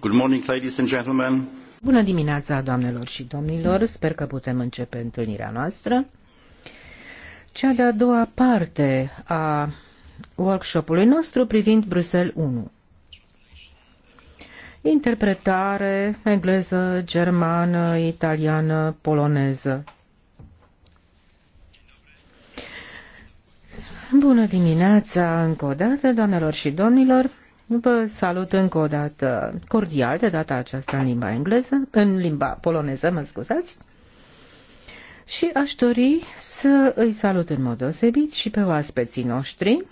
Good morning, ladies and gentlemen. Bună dimineața, doamnelor și domnilor. Sper că putem începe întâlnirea noastră. Cea de-a doua parte a workshopului nostru privind Bruxelles 1. Interpretare engleză, germană, italiană, poloneză. Bună dimineața încă o dată, doamnelor și domnilor! Vă salut încă o dată cordial, de data aceasta în limba engleză, în limba poloneză, mă scuzați. Și aș dori să îi salut în mod deosebit și pe oaspeții noștri.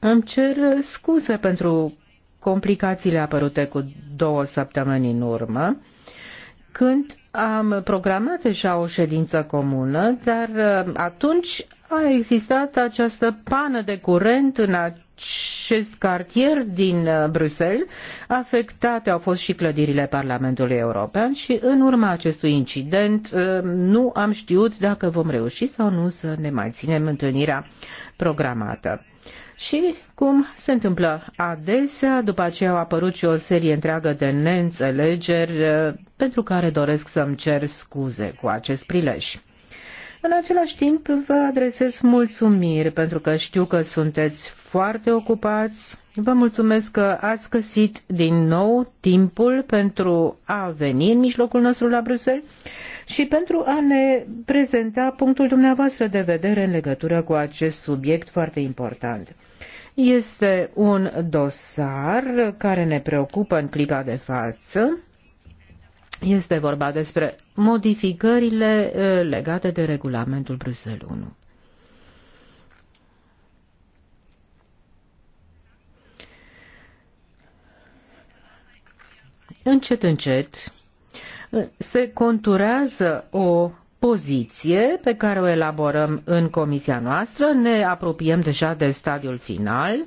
Îmi cer scuze pentru complicațiile apărute cu două săptămâni în urmă, când am programat deja o ședință comună, dar uh, atunci a existat această pană de curent în acest cartier din uh, Bruxelles, afectate au fost și clădirile Parlamentului European și în urma acestui incident uh, nu am știut dacă vom reuși sau nu să ne mai ținem întâlnirea programată. Și cum se întâmplă adesea, după aceea au apărut și o serie întreagă de neînțelegeri uh, pentru care doresc să-mi cer scuze cu acest prilej. În același timp, vă adresez mulțumiri pentru că știu că sunteți foarte ocupați. Vă mulțumesc că ați găsit din nou timpul pentru a veni în mijlocul nostru la Bruxelles și pentru a ne prezenta punctul dumneavoastră de vedere în legătură cu acest subiect foarte important. Este un dosar care ne preocupă în clipa de față. Este vorba despre modificările legate de regulamentul Bruxelles 1. Încet, încet se conturează o poziție pe care o elaborăm în comisia noastră, ne apropiem deja de stadiul final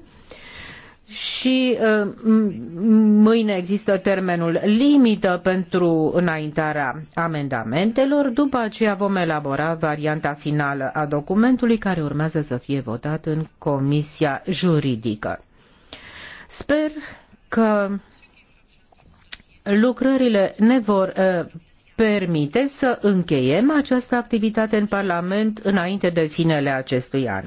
și uh, mâine există termenul limită pentru înaintarea amendamentelor, după aceea vom elabora varianta finală a documentului care urmează să fie votat în Comisia Juridică. Sper că lucrările ne vor uh, permite să încheiem această activitate în Parlament înainte de finele acestui an.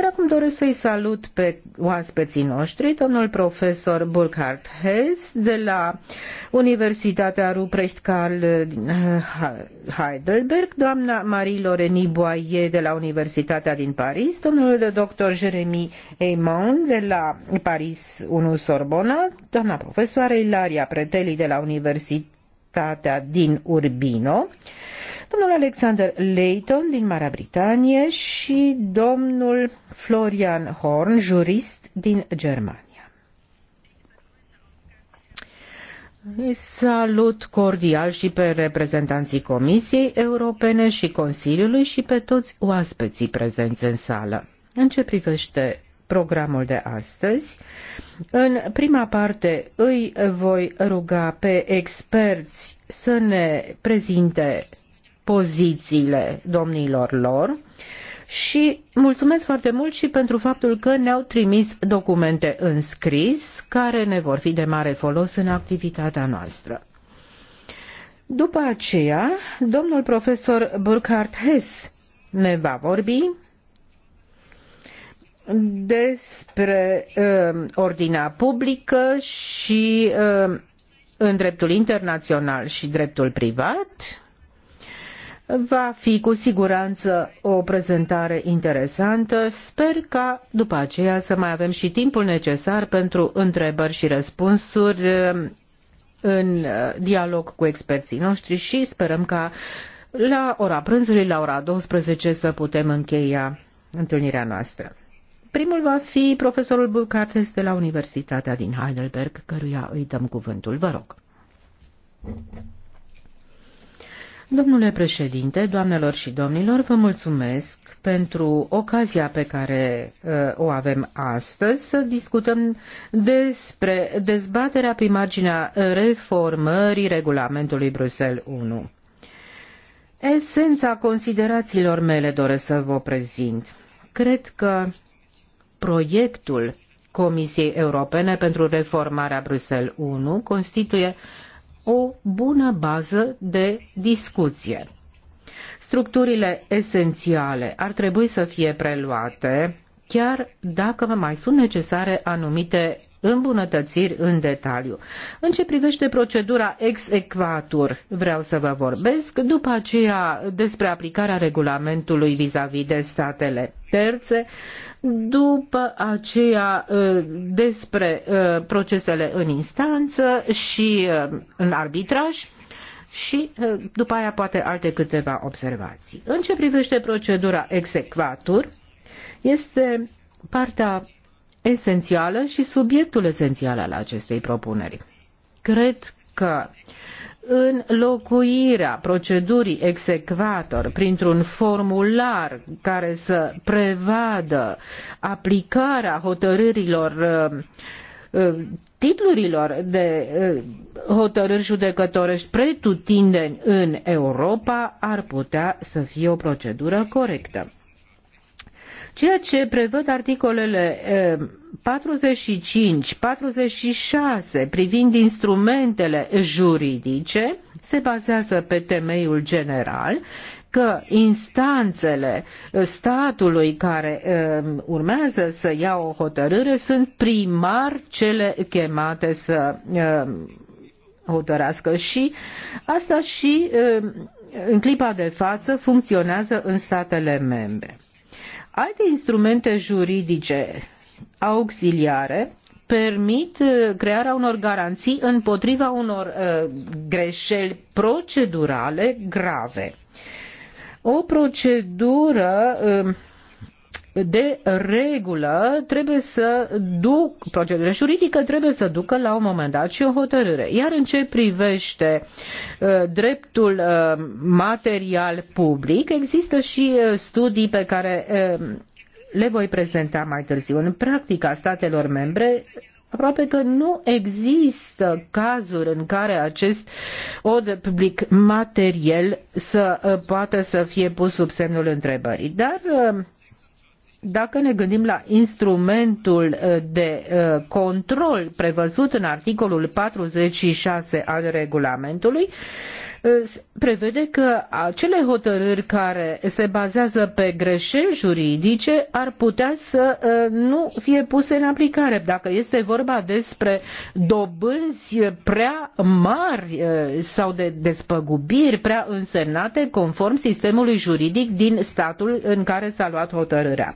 Iar acum doresc să-i salut pe oaspeții noștri, domnul profesor Burkhard Hess de la Universitatea Ruprecht Karl eh, Heidelberg, doamna Marie-Loreni Boaie de la Universitatea din Paris, domnul de doctor Jeremy Aymon de la Paris 1 Sorbona, doamna profesoară Ilaria Preteli de la Universitatea Universitatea din Urbino, domnul Alexander Leighton din Marea Britanie și domnul Florian Horn, jurist din Germania. salut cordial și pe reprezentanții Comisiei Europene și Consiliului și pe toți oaspeții prezenți în sală. În ce privește programul de astăzi. În prima parte îi voi ruga pe experți să ne prezinte pozițiile domnilor lor și mulțumesc foarte mult și pentru faptul că ne-au trimis documente în scris care ne vor fi de mare folos în activitatea noastră. După aceea, domnul profesor Burkhard Hess ne va vorbi despre uh, ordinea publică și uh, în dreptul internațional și dreptul privat. Va fi cu siguranță o prezentare interesantă. Sper ca după aceea să mai avem și timpul necesar pentru întrebări și răspunsuri um, în uh, dialog cu experții noștri și sperăm ca la ora prânzului, la ora 12, să putem încheia întâlnirea noastră. Primul va fi profesorul Bucates de la Universitatea din Heidelberg, căruia îi dăm cuvântul. Vă rog. Domnule președinte, doamnelor și domnilor, vă mulțumesc pentru ocazia pe care uh, o avem astăzi să discutăm despre dezbaterea pe marginea reformării regulamentului Bruxelles 1. Esența considerațiilor mele doresc să vă prezint. Cred că proiectul Comisiei Europene pentru reformarea Bruxelles 1 constituie o bună bază de discuție. Structurile esențiale ar trebui să fie preluate, chiar dacă mai sunt necesare anumite îmbunătățiri în detaliu. În ce privește procedura ex equatur, vreau să vă vorbesc după aceea despre aplicarea regulamentului vis-a-vis -vis de statele terțe, după aceea ă, despre ă, procesele în instanță și ă, în arbitraj și după aia poate alte câteva observații. În ce privește procedura execvatur, este partea esențială și subiectul esențial al acestei propuneri. Cred că înlocuirea procedurii execvator printr-un formular care să prevadă aplicarea hotărârilor uh, uh, titlurilor de uh, hotărâri judecătorești pretutindeni în Europa ar putea să fie o procedură corectă. Ceea ce prevăd articolele 45, 46 privind instrumentele juridice se bazează pe temeiul general că instanțele statului care urmează să ia o hotărâre sunt primar cele chemate să hotărească și asta și în clipa de față funcționează în statele membre. Alte instrumente juridice auxiliare permit uh, crearea unor garanții împotriva unor uh, greșeli procedurale grave. O procedură uh, de regulă trebuie să duc, procedură juridică trebuie să ducă la un moment dat și o hotărâre. Iar în ce privește uh, dreptul uh, material public, există și uh, studii pe care le voi prezenta mai târziu. În practica statelor membre, aproape că nu există cazuri în care acest od public material să poată să fie pus sub semnul întrebării. Dar dacă ne gândim la instrumentul uh, de uh, control prevăzut în articolul 46 al regulamentului, prevede că acele hotărâri care se bazează pe greșeli juridice ar putea să ă, nu fie puse în aplicare. Dacă este vorba despre dobânzi prea mari ă, sau de despăgubiri prea însemnate conform sistemului juridic din statul în care s-a luat hotărârea.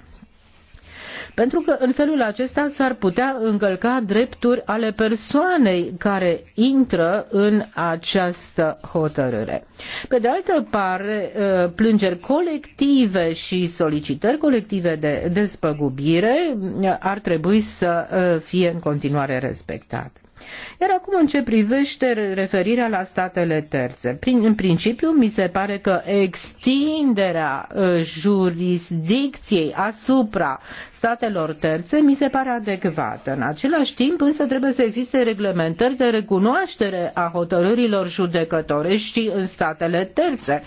Pentru că în felul acesta s-ar putea încălca drepturi ale persoanei care intră în această hotărâre. Pe de altă parte, ă, plângeri colective și solicitări colective de despăgubire ar trebui să ă, fie în continuare respectate. Iar acum în ce privește referirea la statele terțe, prin, în principiu mi se pare că extinderea uh, jurisdicției asupra statelor terțe mi se pare adecvată. În același timp însă trebuie să existe reglementări de recunoaștere a hotărârilor judecătorești în statele terțe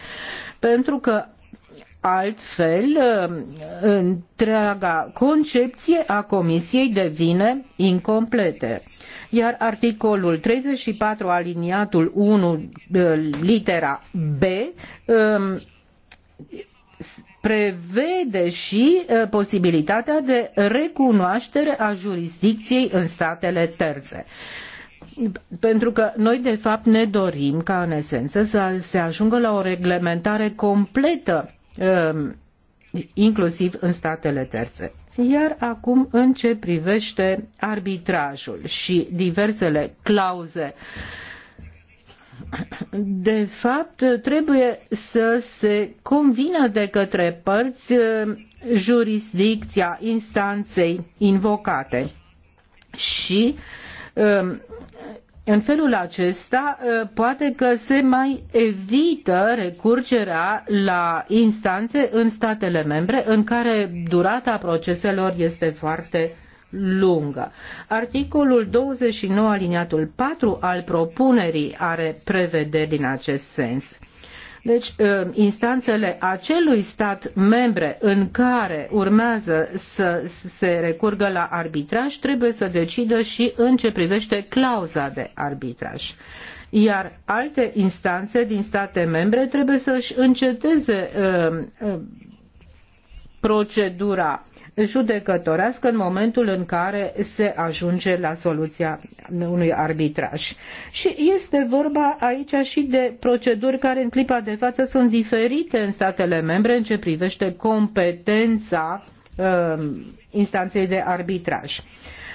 pentru că Altfel, ă, întreaga concepție a Comisiei devine incomplete. Iar articolul 34 aliniatul 1 ă, litera B ă, prevede și posibilitatea de recunoaștere a jurisdicției în statele terțe pentru că noi de fapt ne dorim ca în esență să se ajungă la o reglementare completă Um, inclusiv în statele terțe. Iar acum, în ce privește arbitrajul și diversele clauze, de fapt, trebuie să se convină de către părți um, jurisdicția instanței invocate și um, în felul acesta, ă, poate că se mai evită recurgerea la instanțe în statele membre în care durata proceselor este foarte lungă. Articolul 29 aliniatul 4 al propunerii are prevederi din acest sens. Deci, ă, instanțele acelui stat membre în care urmează să se recurgă la arbitraj trebuie să decidă și în ce privește clauza de arbitraj iar alte instanțe din state membre trebuie să-și înceteze uh, uh, procedura judecătorească în momentul în care se ajunge la soluția unui arbitraj. Și este vorba aici și de proceduri care în clipa de față sunt diferite în statele membre în ce privește competența uh, instanței de arbitraj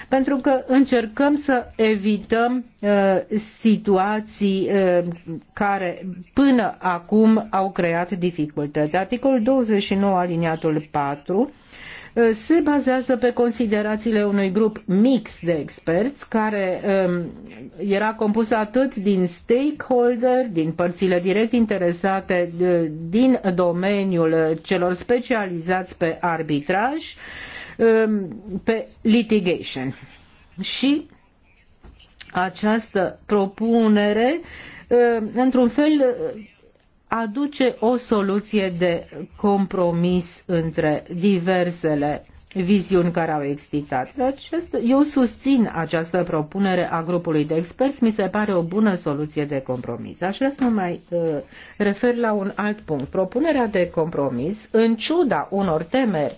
pentru că încercăm să evităm uh, situații uh, care până acum au creat dificultăți. Articolul 29 aliniatul 4 se bazează pe considerațiile unui grup mix de experți care um, era compus atât din stakeholder, din părțile direct interesate din domeniul celor specializați pe arbitraj, um, pe litigation. Și această propunere, um, într-un fel, aduce o soluție de compromis între diversele viziuni care au existat. Deci, eu susțin această propunere a grupului de experți, mi se pare o bună soluție de compromis. Aș vrea să mă mai uh, refer la un alt punct. Propunerea de compromis, în ciuda unor temeri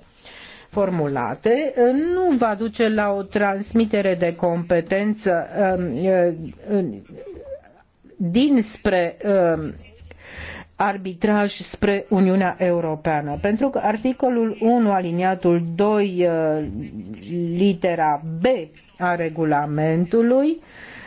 formulate, uh, nu va duce la o transmitere de competență um, uh, uh, dinspre um, arbitraj spre Uniunea Europeană. Pentru că articolul 1, aliniatul 2, uh, litera B a regulamentului,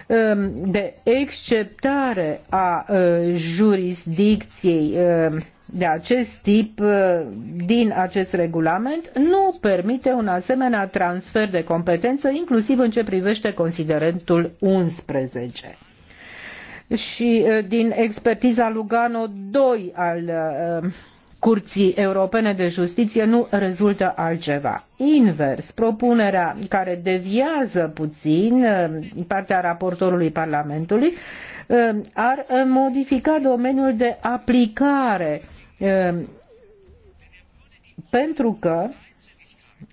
um, de exceptare a uh, jurisdicției um, de acest tip uh, din acest regulament nu permite un asemenea transfer de competență, inclusiv în ce privește considerentul 11 și uh, din expertiza Lugano 2 al uh, Curții Europene de Justiție nu rezultă altceva. Invers, propunerea care deviază puțin uh, partea raportorului Parlamentului ar modifica domeniul de aplicare pentru că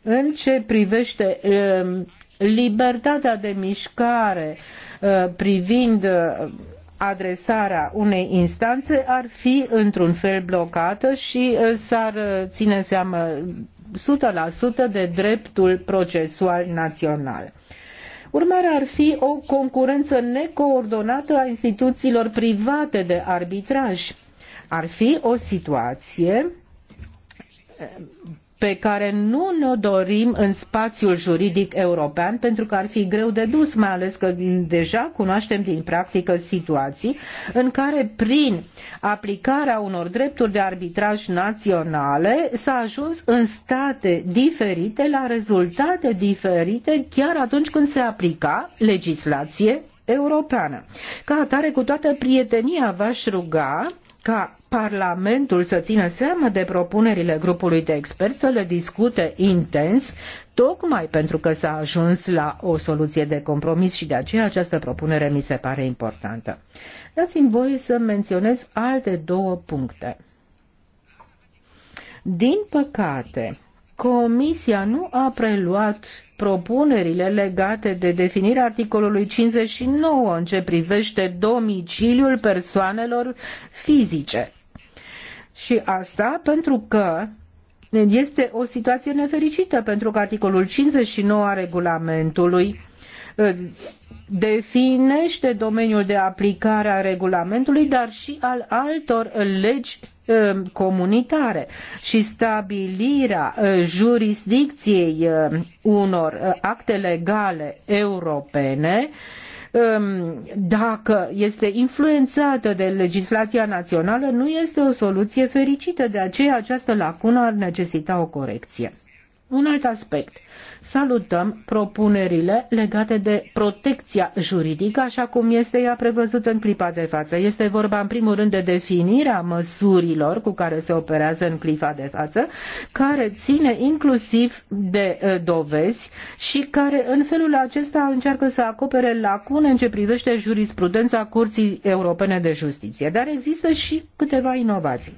în ce privește libertatea de mișcare privind adresarea unei instanțe ar fi într-un fel blocată și uh, s-ar uh, ține seamă 100% de dreptul procesual național. Urmarea ar fi o concurență necoordonată a instituțiilor private de arbitraj. Ar fi o situație pe care nu ne-o dorim în spațiul juridic european, pentru că ar fi greu de dus, mai ales că deja cunoaștem din practică situații în care prin aplicarea unor drepturi de arbitraj naționale s-a ajuns în state diferite la rezultate diferite chiar atunci când se aplica legislație europeană. Ca atare, cu toată prietenia v-aș ruga ca Parlamentul să țină seama de propunerile grupului de experți, să le discute intens, tocmai pentru că s-a ajuns la o soluție de compromis și de aceea această propunere mi se pare importantă. Dați-mi voie să menționez alte două puncte. Din păcate, Comisia nu a preluat propunerile legate de definirea articolului 59 în ce privește domiciliul persoanelor fizice. Și asta pentru că este o situație nefericită, pentru că articolul 59 a regulamentului Ă, definește domeniul de aplicare a regulamentului, dar și al altor legi ă, comunitare și stabilirea ă, jurisdicției unor acte legale europene dacă este influențată de legislația națională, nu este o soluție fericită, de aceea această lacună ar necesita o corecție. Un alt aspect. Salutăm propunerile legate de protecția juridică, așa cum este ea prevăzută în clipa de față. Este vorba, în primul rând, de definirea măsurilor cu care se operează în clipa de față, care ține inclusiv de uh, dovezi și care, în felul acesta, încearcă să acopere lacune în ce privește jurisprudența Curții Europene de Justiție. Dar există și câteva inovații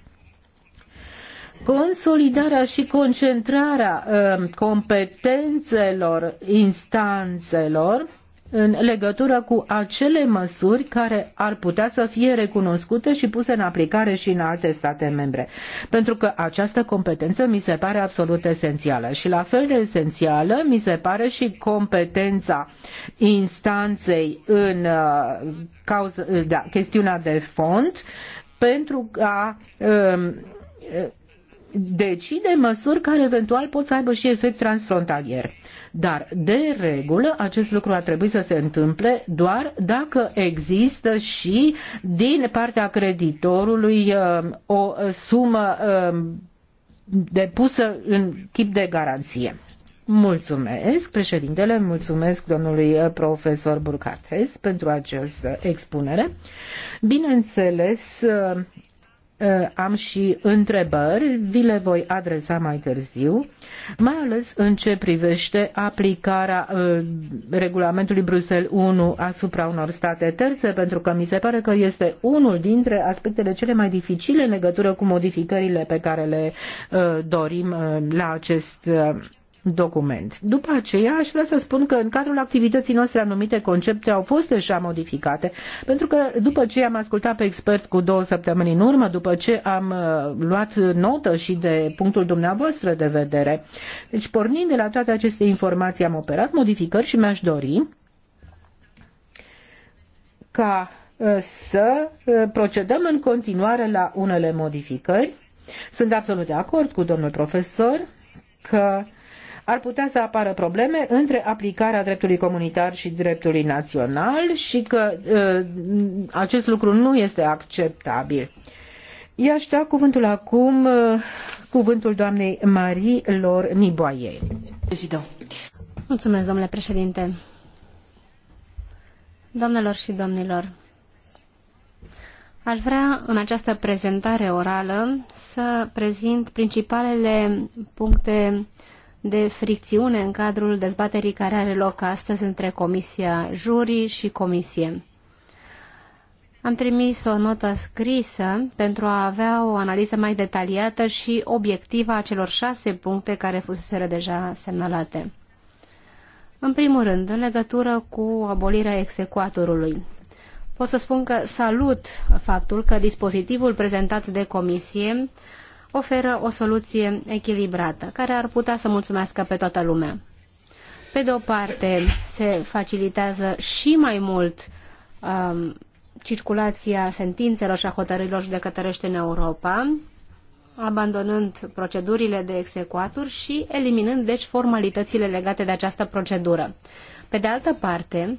consolidarea și concentrarea um, competențelor instanțelor în legătură cu acele măsuri care ar putea să fie recunoscute și puse în aplicare și în alte state membre. Pentru că această competență mi se pare absolut esențială și la fel de esențială mi se pare și competența instanței în uh, cauză, da, chestiunea de fond pentru a decide măsuri care eventual pot să aibă și efect transfrontalier. Dar, de regulă, acest lucru ar trebui să se întâmple doar dacă există și din partea creditorului uh, o sumă uh, depusă în chip de garanție. Mulțumesc, președintele, mulțumesc domnului uh, profesor Burkhardt pentru această expunere. Bineînțeles, Eh, am și întrebări, vi le voi adresa mai târziu, mai ales în ce privește aplicarea eh, regulamentului Bruxelles 1 asupra unor state terțe, pentru că mi se pare că este unul dintre aspectele cele mai dificile în legătură cu modificările pe care le eh, dorim la acest document. După aceea aș vrea să spun că în cadrul activității noastre anumite concepte au fost deja modificate, pentru că după ce am ascultat pe experți cu două săptămâni în urmă, după ce am uh, luat notă și de punctul dumneavoastră de vedere, deci pornind de la toate aceste informații am operat modificări și mi-aș dori ca uh, să uh, procedăm în continuare la unele modificări. Sunt absolut de acord cu domnul profesor că ar putea să apară probleme între aplicarea dreptului comunitar și dreptului național și că uh, acest lucru nu este acceptabil. i da cuvântul acum, uh, cuvântul doamnei Marie Lor Niboaie. Mulțumesc, domnule președinte. Doamnelor și domnilor, aș vrea în această prezentare orală să prezint principalele puncte de fricțiune în cadrul dezbaterii care are loc astăzi între Comisia Jurii și Comisie. Am trimis o notă scrisă pentru a avea o analiză mai detaliată și obiectivă a celor șase puncte care fuseseră deja semnalate. În primul rând, în legătură cu abolirea execuatorului. Pot să spun că salut faptul că dispozitivul prezentat de comisie oferă o soluție echilibrată, care ar putea să mulțumească pe toată lumea. Pe de o parte, se facilitează și mai mult um, circulația sentințelor și a hotărârilor judecătărești în Europa, abandonând procedurile de execuaturi și eliminând, deci, formalitățile legate de această procedură. Pe de altă parte,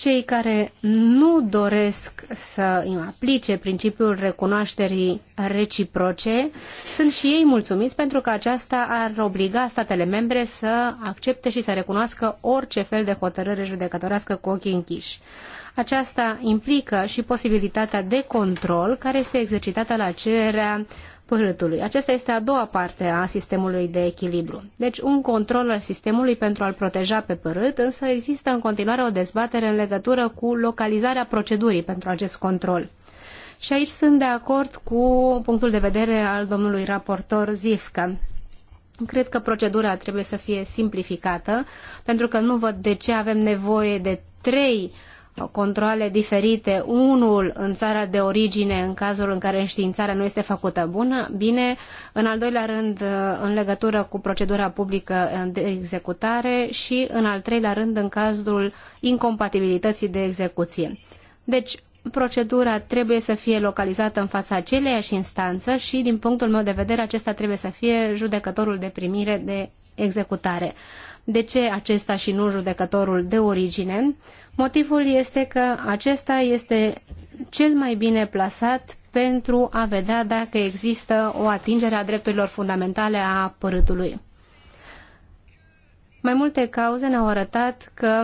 cei care nu doresc să îmi aplice principiul recunoașterii reciproce sunt și ei mulțumiți pentru că aceasta ar obliga statele membre să accepte și să recunoască orice fel de hotărâre judecătorească cu ochii închiși. Aceasta implică și posibilitatea de control care este exercitată la cererea pârâtului. Acesta este a doua parte a sistemului de echilibru. Deci un control al sistemului pentru a-l proteja pe părât, însă există în continuare o dezbatere în legătură cu localizarea procedurii pentru acest control. Și aici sunt de acord cu punctul de vedere al domnului raportor Zifcă. Cred că procedura trebuie să fie simplificată, pentru că nu văd de ce avem nevoie de trei uh, controle diferite, unul în țara de origine în cazul în care înștiințarea nu este făcută bună, bine, în al doilea rând uh, în legătură cu procedura publică uh, de executare și în al treilea rând în cazul incompatibilității de execuție. Deci, procedura trebuie să fie localizată în fața aceleiași instanță și, din punctul meu de vedere, acesta trebuie să fie judecătorul de primire de executare. De ce acesta și nu judecătorul de origine? Motivul este că acesta este cel mai bine plasat pentru a vedea dacă există o atingere a drepturilor fundamentale a părâtului. Mai multe cauze ne-au arătat că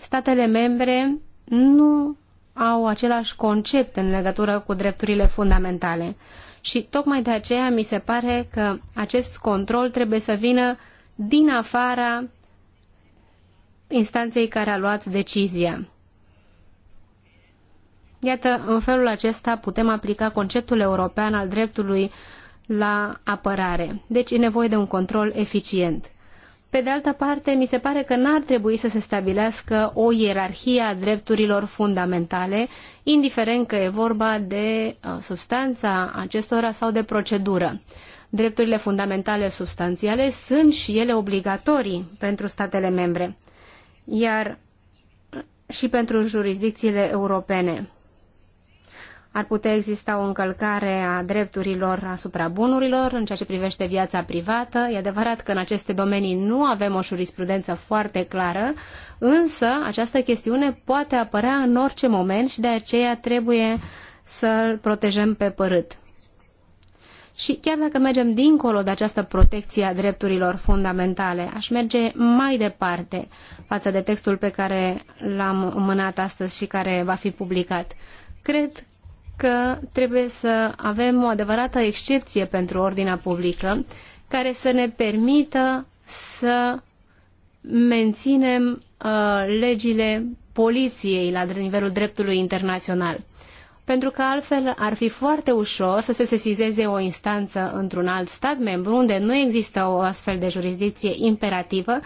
statele membre nu au același concept în legătură cu drepturile fundamentale. Și tocmai de aceea mi se pare că acest control trebuie să vină din afara instanței care a luat decizia. Iată, în felul acesta putem aplica conceptul european al dreptului la apărare. Deci e nevoie de un control eficient. Pe de altă parte, mi se pare că n-ar trebui să se stabilească o ierarhie a drepturilor fundamentale, indiferent că e vorba de uh, substanța acestora sau de procedură. Drepturile fundamentale substanțiale sunt și ele obligatorii pentru statele membre iar și pentru jurisdicțiile europene. Ar putea exista o încălcare a drepturilor asupra bunurilor în ceea ce privește viața privată. E adevărat că în aceste domenii nu avem o jurisprudență foarte clară, însă această chestiune poate apărea în orice moment și de aceea trebuie să-l protejăm pe părât. Și chiar dacă mergem dincolo de această protecție a drepturilor fundamentale, aș merge mai departe față de textul pe care l-am mânat astăzi și care va fi publicat. Cred că trebuie să avem o adevărată excepție pentru ordinea publică care să ne permită să menținem uh, legile poliției la nivelul dreptului internațional pentru că altfel ar fi foarte ușor să se sesizeze o instanță într-un alt stat membru unde nu există o astfel de jurisdicție imperativă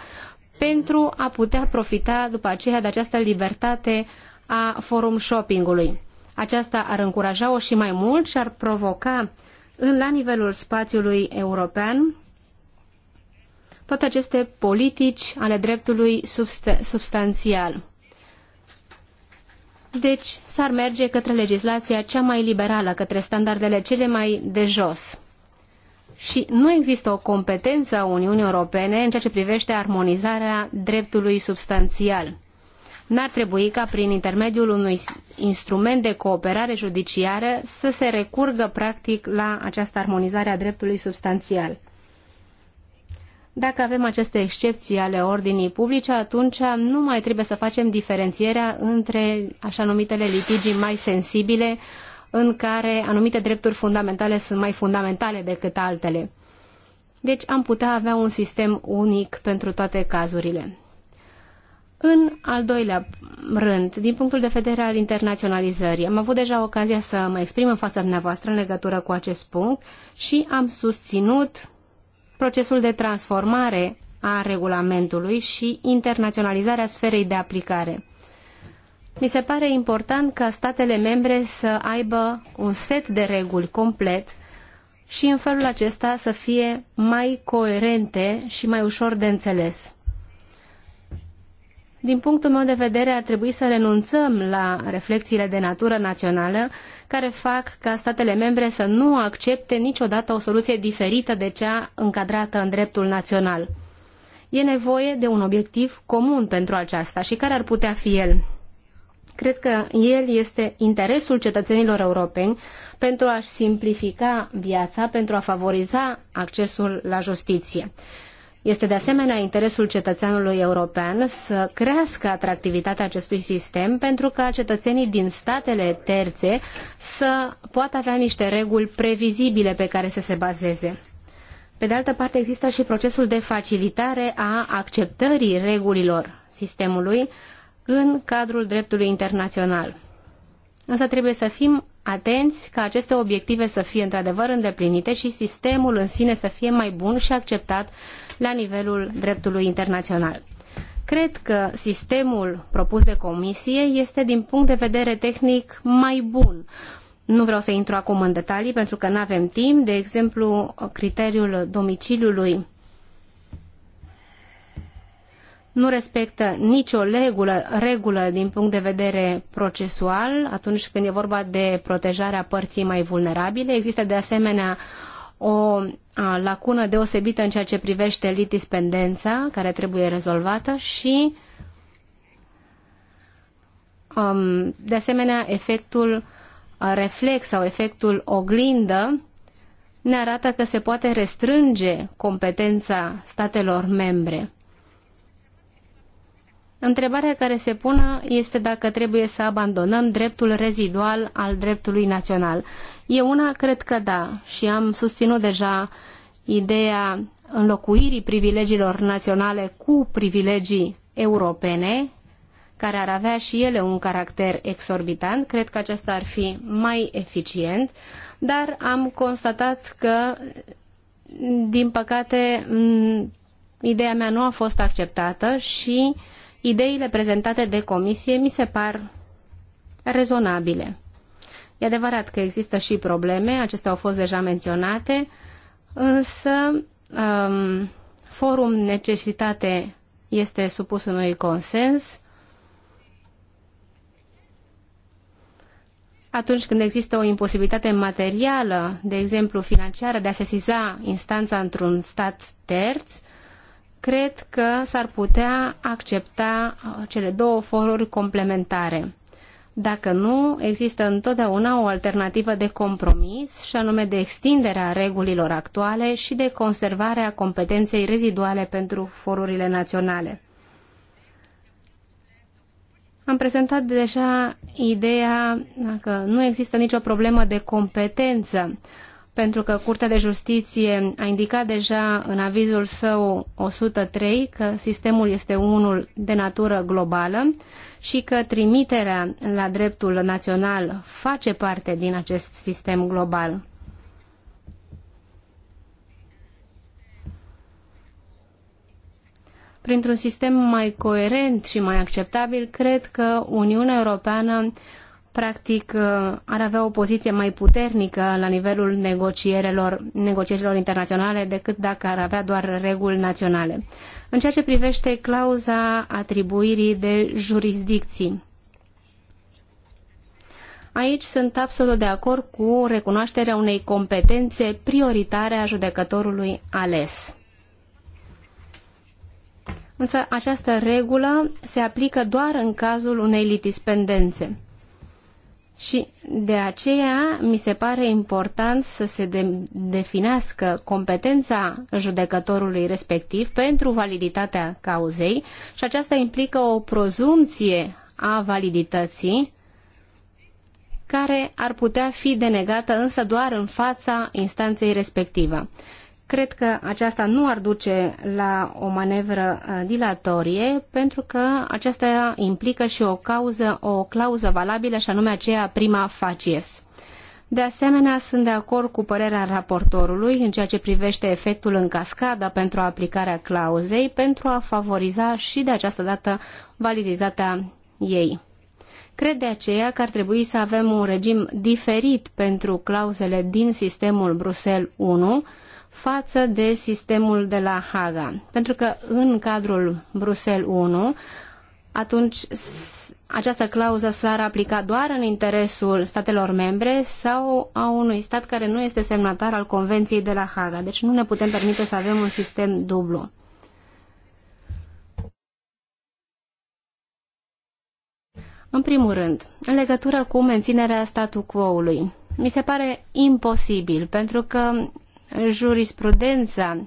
pentru a putea profita după aceea de această libertate a forum shoppingului. Aceasta ar încuraja-o și mai mult și ar provoca în, la nivelul spațiului european toate aceste politici ale dreptului substanțial. Deci s-ar merge către legislația cea mai liberală, către standardele cele mai de jos. Și nu există o competență a Uniunii Europene în ceea ce privește armonizarea dreptului substanțial. N-ar trebui ca prin intermediul unui instrument de cooperare judiciară să se recurgă practic la această armonizare a dreptului substanțial. Dacă avem aceste excepții ale ordinii publice, atunci nu mai trebuie să facem diferențierea între așa numitele litigii mai sensibile, în care anumite drepturi fundamentale sunt mai fundamentale decât altele. Deci am putea avea un sistem unic pentru toate cazurile. În al doilea rând, din punctul de vedere al internaționalizării, am avut deja ocazia să mă exprim în fața dumneavoastră în legătură cu acest punct și am susținut procesul de transformare a regulamentului și internaționalizarea sferei de aplicare. Mi se pare important ca statele membre să aibă un set de reguli complet și în felul acesta să fie mai coerente și mai ușor de înțeles. Din punctul meu de vedere, ar trebui să renunțăm la reflexiile de natură națională care fac ca statele membre să nu accepte niciodată o soluție diferită de cea încadrată în dreptul național. E nevoie de un obiectiv comun pentru aceasta și care ar putea fi el? Cred că el este interesul cetățenilor europeni pentru a-și simplifica viața, pentru a favoriza accesul la justiție. Este de asemenea interesul cetățeanului european să crească atractivitatea acestui sistem pentru ca cetățenii din statele terțe să poată avea niște reguli previzibile pe care să se bazeze. Pe de altă parte, există și procesul de facilitare a acceptării regulilor sistemului în cadrul dreptului internațional. Însă trebuie să fim atenți ca aceste obiective să fie într-adevăr îndeplinite și sistemul în sine să fie mai bun și acceptat la nivelul dreptului internațional. Cred că sistemul propus de comisie este din punct de vedere tehnic mai bun. Nu vreau să intru acum în detalii pentru că nu avem timp. De exemplu, criteriul domiciliului nu respectă nicio regulă, regulă din punct de vedere procesual atunci când e vorba de protejarea părții mai vulnerabile. Există de asemenea o lacună deosebită în ceea ce privește litispendența, care trebuie rezolvată și, um, de asemenea, efectul reflex sau efectul oglindă ne arată că se poate restrânge competența statelor membre. Întrebarea care se pune este dacă trebuie să abandonăm dreptul rezidual al dreptului național. E una cred că da și am susținut deja ideea înlocuirii privilegiilor naționale cu privilegii europene, care ar avea și ele un caracter exorbitant. Cred că acesta ar fi mai eficient, dar am constatat că, din păcate, ideea mea nu a fost acceptată și ideile prezentate de comisie mi se par rezonabile. E adevărat că există și probleme, acestea au fost deja menționate, însă um, forum necesitate este supus unui consens atunci când există o imposibilitate materială, de exemplu financiară, de a sesiza instanța într-un stat terț, cred că s-ar putea accepta uh, cele două foruri complementare. Dacă nu, există întotdeauna o alternativă de compromis, și anume de extinderea regulilor actuale și de conservarea competenței reziduale pentru forurile naționale. Am prezentat deja ideea că nu există nicio problemă de competență pentru că Curtea de Justiție a indicat deja în avizul său 103 că sistemul este unul de natură globală și că trimiterea la dreptul național face parte din acest sistem global. Printr-un sistem mai coerent și mai acceptabil, cred că Uniunea Europeană practic uh, ar avea o poziție mai puternică la nivelul negocierilor, negocierilor internaționale decât dacă ar avea doar reguli naționale. În ceea ce privește clauza atribuirii de jurisdicții, Aici sunt absolut de acord cu recunoașterea unei competențe prioritare a judecătorului ales. Însă această regulă se aplică doar în cazul unei litispendențe. Și de aceea mi se pare important să se de- definească competența judecătorului respectiv pentru validitatea cauzei și aceasta implică o prozumție a validității care ar putea fi denegată însă doar în fața instanței respectivă. Cred că aceasta nu ar duce la o manevră uh, dilatorie, pentru că aceasta implică și o cauză, o clauză valabilă, și anume aceea prima facies. De asemenea, sunt de acord cu părerea raportorului în ceea ce privește efectul în cascadă pentru aplicarea clauzei, pentru a favoriza și de această dată validitatea ei. Cred de aceea că ar trebui să avem un regim diferit pentru clauzele din sistemul Bruxelles 1, față de sistemul de la Haga. Pentru că în cadrul Bruxelles 1, atunci această clauză s-ar aplica doar în interesul statelor membre sau a unui stat care nu este semnatar al Convenției de la Haga. Deci nu ne putem permite să avem un sistem dublu. În primul rând, în legătură cu menținerea statu quo-ului, mi se pare imposibil, pentru că jurisprudența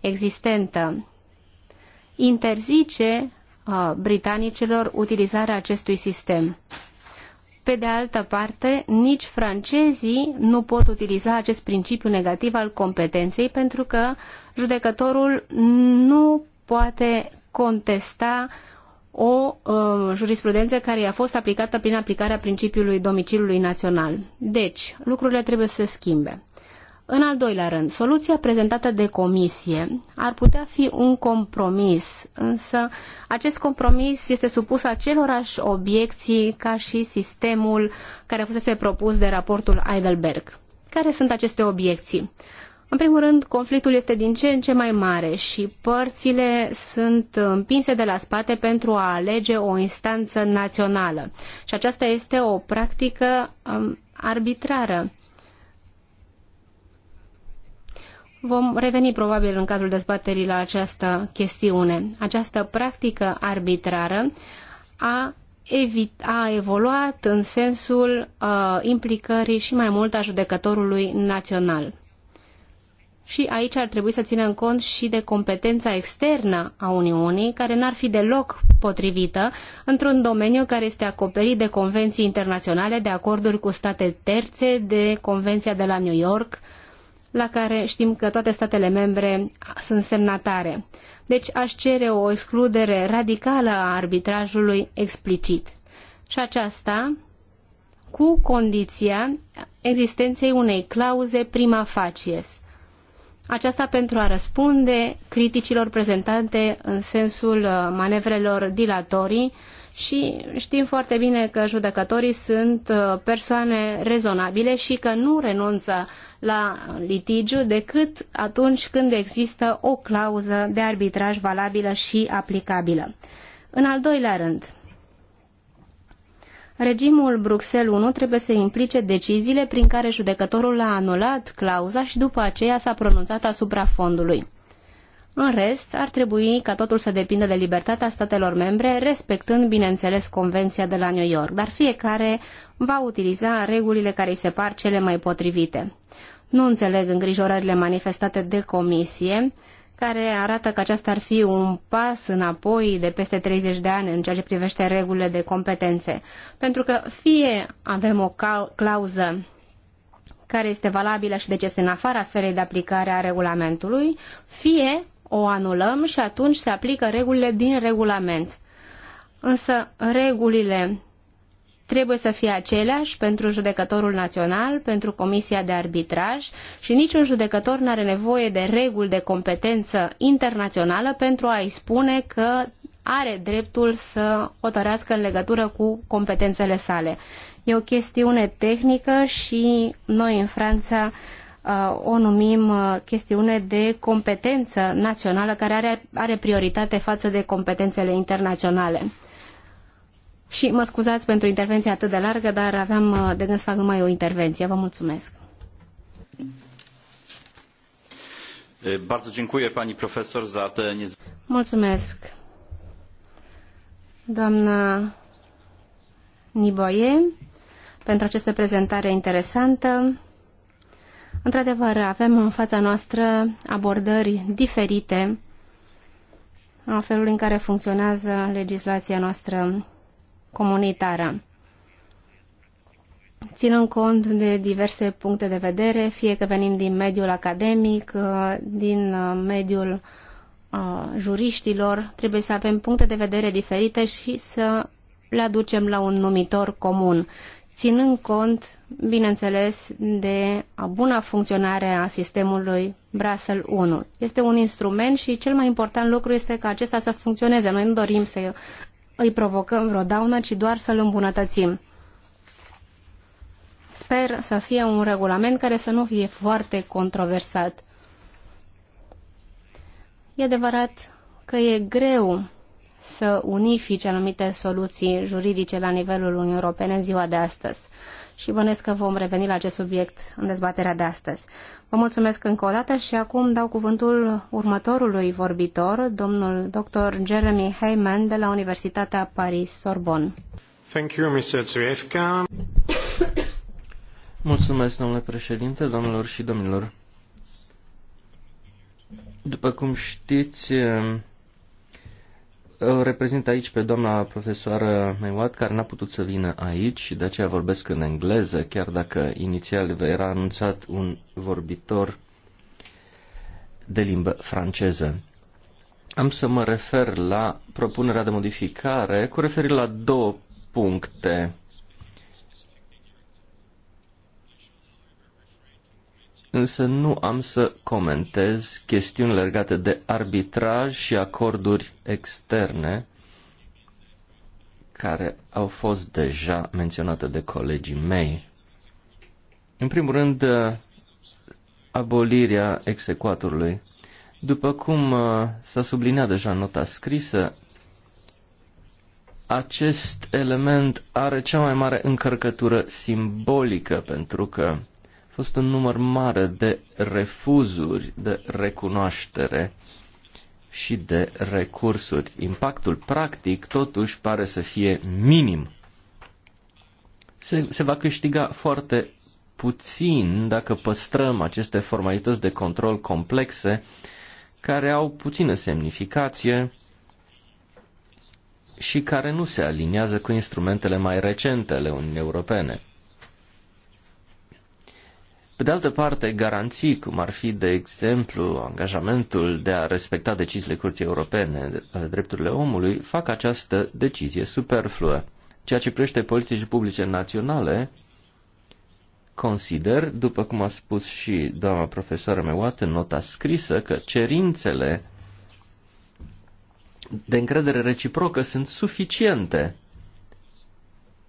existentă interzice uh, britanicilor utilizarea acestui sistem. Pe de altă parte, nici francezii nu pot utiliza acest principiu negativ al competenței pentru că judecătorul nu poate contesta o uh, jurisprudență care i-a fost aplicată prin aplicarea principiului domiciliului național. Deci, lucrurile trebuie să se schimbe. În al doilea rând, soluția prezentată de comisie ar putea fi un compromis, însă acest compromis este supus acelorași obiecții ca și sistemul care fusese propus de raportul Heidelberg. Care sunt aceste obiecții? În primul rând, conflictul este din ce în ce mai mare și părțile sunt împinse de la spate pentru a alege o instanță națională. Și aceasta este o practică um, arbitrară Vom reveni probabil în cadrul dezbaterii la această chestiune. Această practică arbitrară a, evit, a evoluat în sensul uh, implicării și mai mult a judecătorului național. Și aici ar trebui să ținem cont și de competența externă a Uniunii, care n-ar fi deloc potrivită într-un domeniu care este acoperit de convenții internaționale, de acorduri cu state terțe, de Convenția de la New York, uh, la care știm că toate statele membre sunt semnatare. Deci aș cere o excludere radicală a arbitrajului explicit. Și aceasta cu condiția existenței unei clauze prima facies. Aceasta pentru a răspunde criticilor prezentate în sensul uh, manevrelor dilatorii și știm foarte bine că judecătorii sunt uh, persoane rezonabile și că nu renunță la litigiu decât atunci când există o clauză de arbitraj valabilă și aplicabilă. În al doilea rând, regimul Bruxelles 1 trebuie să implice deciziile prin care judecătorul a anulat clauza și după aceea s-a pronunțat asupra fondului. În rest, ar trebui ca totul să depindă de libertatea statelor membre, respectând, bineînțeles, Convenția de la New York, dar fiecare va utiliza regulile care îi se par cele mai potrivite. Nu înțeleg îngrijorările manifestate de comisie, care arată că aceasta ar fi un pas înapoi de peste 30 de ani în ceea ce privește regulile de competențe. Pentru că fie avem o clauză care este valabilă și deci este în afara sferei de aplicare a regulamentului, fie o anulăm și atunci se aplică regulile din regulament. Însă regulile trebuie să fie aceleași pentru judecătorul național, pentru comisia de arbitraj și niciun judecător nu are nevoie de reguli de competență internațională pentru a-i spune că are dreptul să hotărească în legătură cu competențele sale. E o chestiune tehnică și noi în Franța Uh, o numim uh, chestiune de competență națională care are, are prioritate față de competențele internaționale. Și mă scuzați pentru intervenția atât de largă, dar aveam uh, de gând să fac numai o intervenție. Vă mulțumesc. Bardzo dziękuję pani Mulțumesc. Doamna Niboie, pentru această prezentare interesantă. Într-adevăr, avem în fața noastră abordări diferite în felul în care funcționează legislația noastră comunitară. Ținând cont de diverse puncte de vedere, fie că venim din mediul academic, din mediul juriștilor, trebuie să avem puncte de vedere diferite și să le aducem la un numitor comun ținând cont, bineînțeles, de a buna funcționare a sistemului Brasel 1. Este un instrument și cel mai important lucru este ca acesta să funcționeze. Noi nu dorim să îi provocăm vreo daună, ci doar să-l îmbunătățim. Sper să fie un regulament care să nu fie foarte controversat. E adevărat că e greu să unifice anumite soluții juridice la nivelul Uniunii Europene în ziua de astăzi. Și bănesc că vom reveni la acest subiect în dezbaterea de astăzi. Vă mulțumesc încă o dată și acum dau cuvântul următorului vorbitor, domnul dr. Jeremy Heyman de la Universitatea Paris-Sorbonne. Thank you, Mr. Zviefka. Mulțumesc, domnule președinte, domnilor și domnilor. După cum știți, reprezint aici pe doamna profesoară Mewat, care n-a putut să vină aici și de aceea vorbesc în engleză, chiar dacă inițial era anunțat un vorbitor de limbă franceză. Am să mă refer la propunerea de modificare cu referire la două puncte. însă nu am să comentez chestiuni legate de arbitraj și acorduri externe care au fost deja menționate de colegii mei. În primul rând, uh, abolirea execuatorului. După cum uh, s-a subliniat deja în nota scrisă, acest element are cea mai mare încărcătură simbolică, pentru că fost un număr mare de refuzuri de recunoaștere și de recursuri. Impactul practic totuși pare să fie minim. Se, se va câștiga foarte puțin dacă păstrăm aceste formalități de control complexe care au puțină semnificație și care nu se aliniază cu instrumentele mai recente ale Uniunii Europene. Pe de altă parte, garanții, cum ar fi, de exemplu, angajamentul de a respecta deciziile Curții Europene ale eh, drepturile omului, fac această decizie superfluă. Ceea ce privește politici publice naționale, consider, după cum a spus și doamna profesoară Mewat în nota scrisă, că cerințele de încredere reciprocă sunt suficiente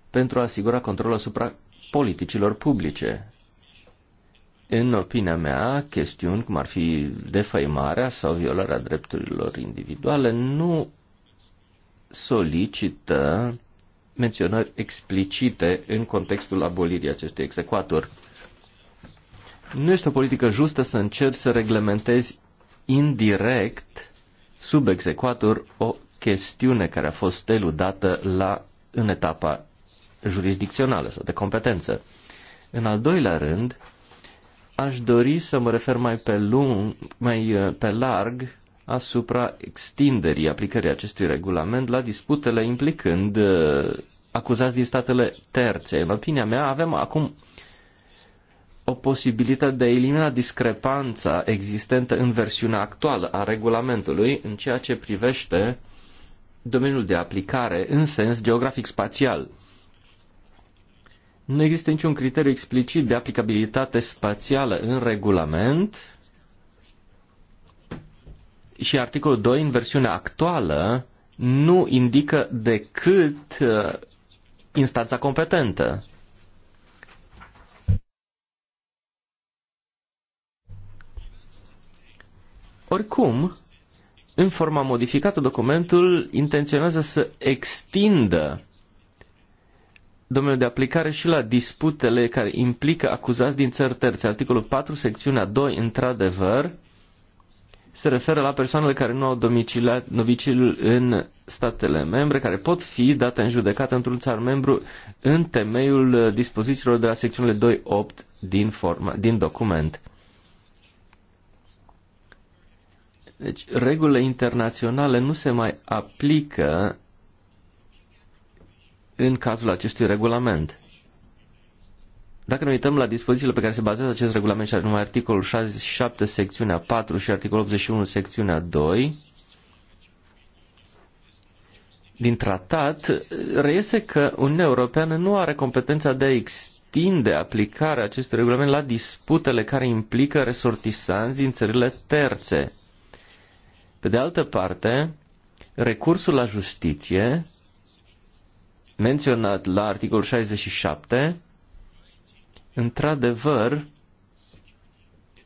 pentru a asigura controlul asupra politicilor publice. În opinia mea, chestiuni cum ar fi defăimarea sau violarea drepturilor individuale nu solicită menționări explicite în contextul abolirii acestui execuator. Nu este o politică justă să încerci să reglementezi indirect, sub execuator, o chestiune care a fost eludată la, în etapa jurisdicțională sau de competență. În al doilea rând, aș dori să mă refer mai pe, lung, mai uh, pe larg asupra extinderii aplicării acestui regulament la disputele implicând uh, acuzați din statele terțe. În opinia mea, avem acum o posibilitate de a elimina discrepanța existentă în versiunea actuală a regulamentului în ceea ce privește domeniul de aplicare în sens geografic-spațial. Nu există niciun criteriu explicit de aplicabilitate spațială în regulament și articolul 2 în versiunea actuală nu indică decât uh, instanța competentă. Oricum, în forma modificată, documentul intenționează să extindă domeniul de aplicare și la disputele care implică acuzați din țări terțe. Articolul 4, secțiunea 2, într-adevăr, se referă la persoanele care nu au domiciliul în statele membre, care pot fi date în judecată într-un țar membru în temeiul dispozițiilor de la secțiunile 2.8 din, forma, din document. Deci, regulile internaționale nu se mai aplică în cazul acestui regulament. Dacă ne uităm la dispozițiile pe care se bazează acest regulament, și anume articolul 67, secțiunea 4 și articolul 81, secțiunea 2, din tratat reiese că Uniunea Europeană nu are competența de a extinde aplicarea acestui regulament la disputele care implică resortisanți din țările terțe. Pe de altă parte, recursul la justiție menționat la articolul 67, într-adevăr,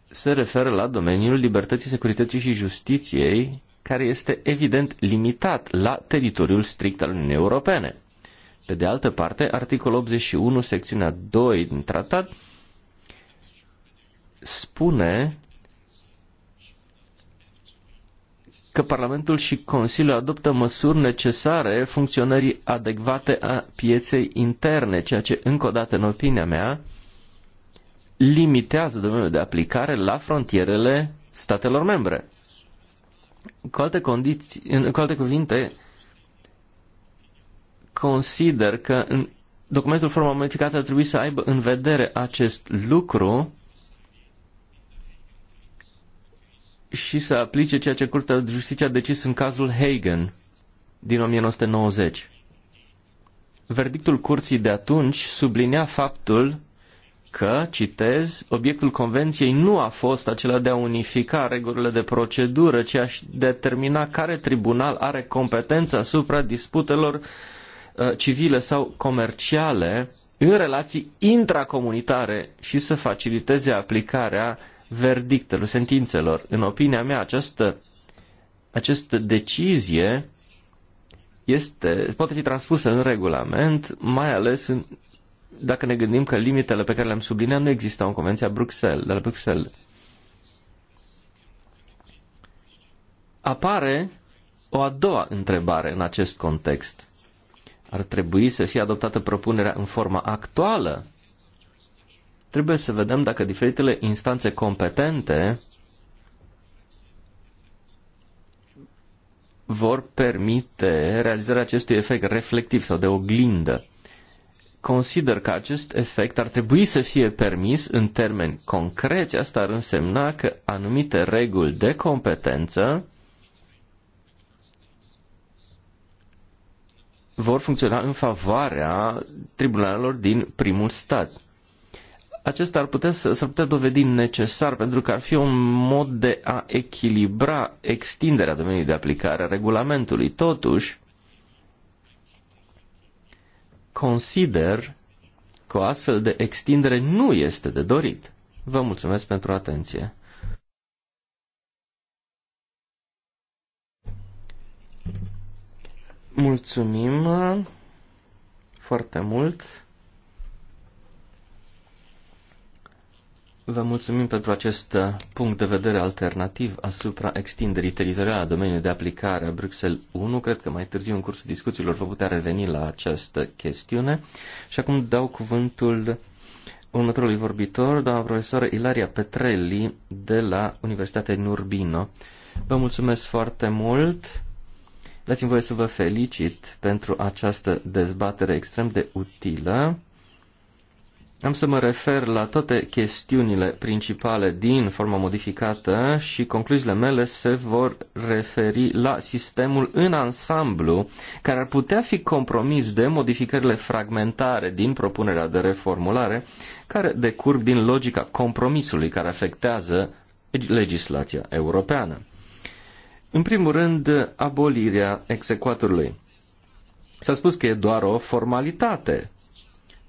se referă la domeniul libertății, securității și justiției, care este evident limitat la teritoriul strict al Uniunii Europene. Pe de altă parte, articolul 81, secțiunea 2 din tratat, spune că Parlamentul și Consiliul adoptă măsuri necesare funcționării adecvate a pieței interne, ceea ce, încă o dată, în opinia mea, limitează domeniul de aplicare la frontierele statelor membre. Cu alte, condiții, cu alte cuvinte, consider că în documentul forma modificată ar trebui să aibă în vedere acest lucru și să aplice ceea ce Curtea de Justiție a decis în cazul Hagen din 1990. Verdictul curții de atunci sublinea faptul că, citez, obiectul convenției nu a fost acela de a unifica regulile de procedură, ci a determina care tribunal are competența asupra disputelor uh, civile sau comerciale în relații intracomunitare și să faciliteze aplicarea verdictelor, sentințelor. În opinia mea, această, această decizie este, poate fi transpusă în regulament, mai ales în, dacă ne gândim că limitele pe care le-am subliniat nu existau în Convenția Bruxelles, de la Bruxelles. Apare o a doua întrebare în acest context. Ar trebui să fie adoptată propunerea în forma actuală Trebuie să vedem dacă diferitele instanțe competente vor permite realizarea acestui efect reflectiv sau de oglindă. Consider că acest efect ar trebui să fie permis în termeni concreți, asta ar însemna că anumite reguli de competență vor funcționa în favoarea tribunalelor din primul stat acesta ar putea să, s-ar putea dovedi necesar pentru că ar fi un mod de a echilibra extinderea domeniului de aplicare a regulamentului. Totuși, consider că o astfel de extindere nu este de dorit. Vă mulțumesc pentru atenție. Mulțumim foarte mult. Vă mulțumim pentru acest uh, punct de vedere alternativ asupra extinderii teritoriale a domeniului de aplicare a Bruxelles 1. Cred că mai târziu, în cursul discuțiilor, vă putea reveni la această chestiune. Și acum dau cuvântul următorului vorbitor, doamna profesoară Ilaria Petrelli de la Universitatea din Urbino. Vă mulțumesc foarte mult. Dați-mi voie să vă felicit pentru această dezbatere extrem de utilă am să mă refer la toate chestiunile principale din forma modificată și concluziile mele se vor referi la sistemul în ansamblu care ar putea fi compromis de modificările fragmentare din propunerea de reformulare care decurg din logica compromisului care afectează legislația europeană. În primul rând, abolirea execuatorului. S-a spus că e doar o formalitate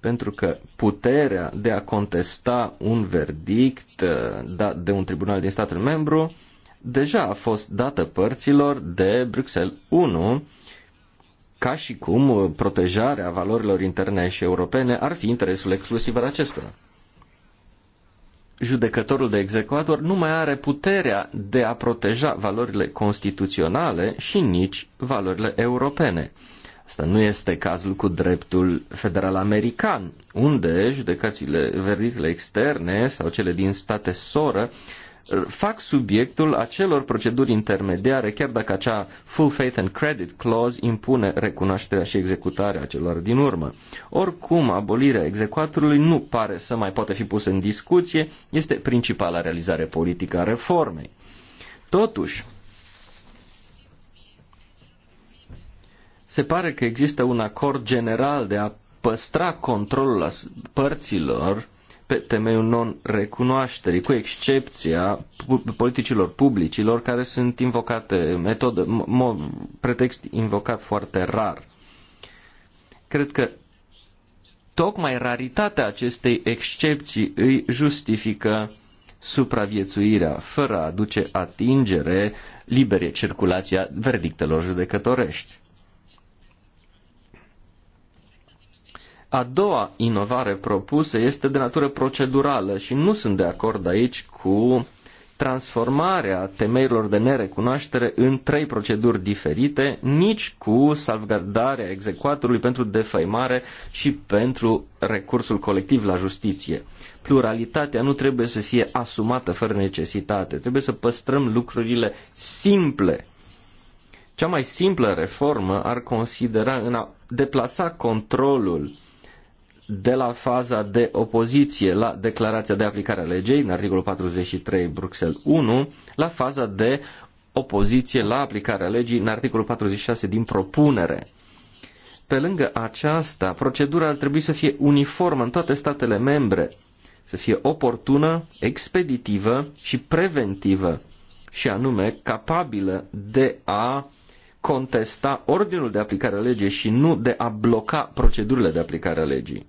pentru că puterea de a contesta un verdict uh, dat de un tribunal din statul membru deja a fost dată părților de Bruxelles 1, ca și cum uh, protejarea valorilor interne și europene ar fi interesul exclusiv al acestora. Judecătorul de execuator nu mai are puterea de a proteja valorile constituționale și nici valorile europene. Asta nu este cazul cu dreptul federal american, unde judecățile, verdictele externe sau cele din state soră uh, fac subiectul acelor proceduri intermediare, chiar dacă acea full faith and credit clause impune recunoașterea și executarea celor din urmă. Oricum, abolirea execuatorului nu pare să mai poate fi pusă în discuție, este principala realizare politică a reformei. Totuși, Se pare că există un acord general de a păstra controlul părților pe temeiul non-recunoașterii, cu excepția politicilor publicilor care sunt invocate, metodă, pretext invocat foarte rar. Cred că tocmai raritatea acestei excepții îi justifică supraviețuirea fără a aduce atingere liberei circulația verdictelor judecătorești. A doua inovare propusă este de natură procedurală și nu sunt de acord aici cu transformarea temeilor de nerecunoaștere în trei proceduri diferite, nici cu salvgardarea execuatorului pentru defăimare și pentru recursul colectiv la justiție. Pluralitatea nu trebuie să fie asumată fără necesitate, trebuie să păstrăm lucrurile simple. Cea mai simplă reformă ar considera în a deplasa controlul de la faza de opoziție la declarația de aplicare a legei, în articolul 43 Bruxelles 1, la faza de opoziție la aplicarea legii, în articolul 46 din propunere. Pe lângă aceasta, procedura ar trebui să fie uniformă în toate statele membre, să fie oportună, expeditivă și preventivă, și anume capabilă de a contesta ordinul de aplicare a legii și nu de a bloca procedurile de aplicare a legii.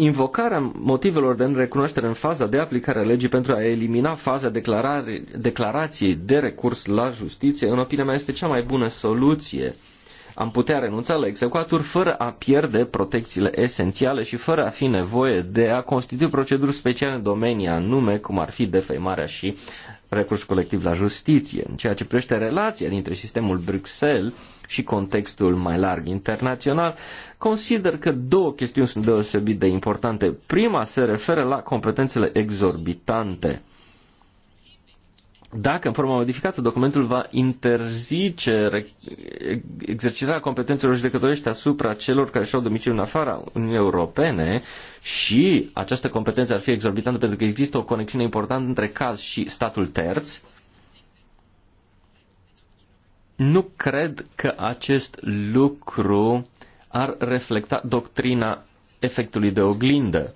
invocarea motivelor de recunoaștere în faza de aplicare a legii pentru a elimina faza declarației de recurs la justiție, în opinia mea, este cea mai bună soluție. Am putea renunța la execuatur fără a pierde protecțiile esențiale și fără a fi nevoie de a constitui proceduri speciale în domenii anume, cum ar fi defăimarea și recurs colectiv la justiție. În ceea ce privește relația dintre sistemul Bruxelles și contextul mai larg internațional, consider că două chestiuni sunt deosebit de importante. Prima se referă la competențele exorbitante dacă în forma modificată documentul va interzice exercitarea competențelor judecătorești asupra celor care și-au domiciliu în afara Uniunii Europene și această competență ar fi exorbitantă pentru că există o conexiune importantă între caz și statul terț, nu cred că acest lucru ar reflecta doctrina efectului de oglindă.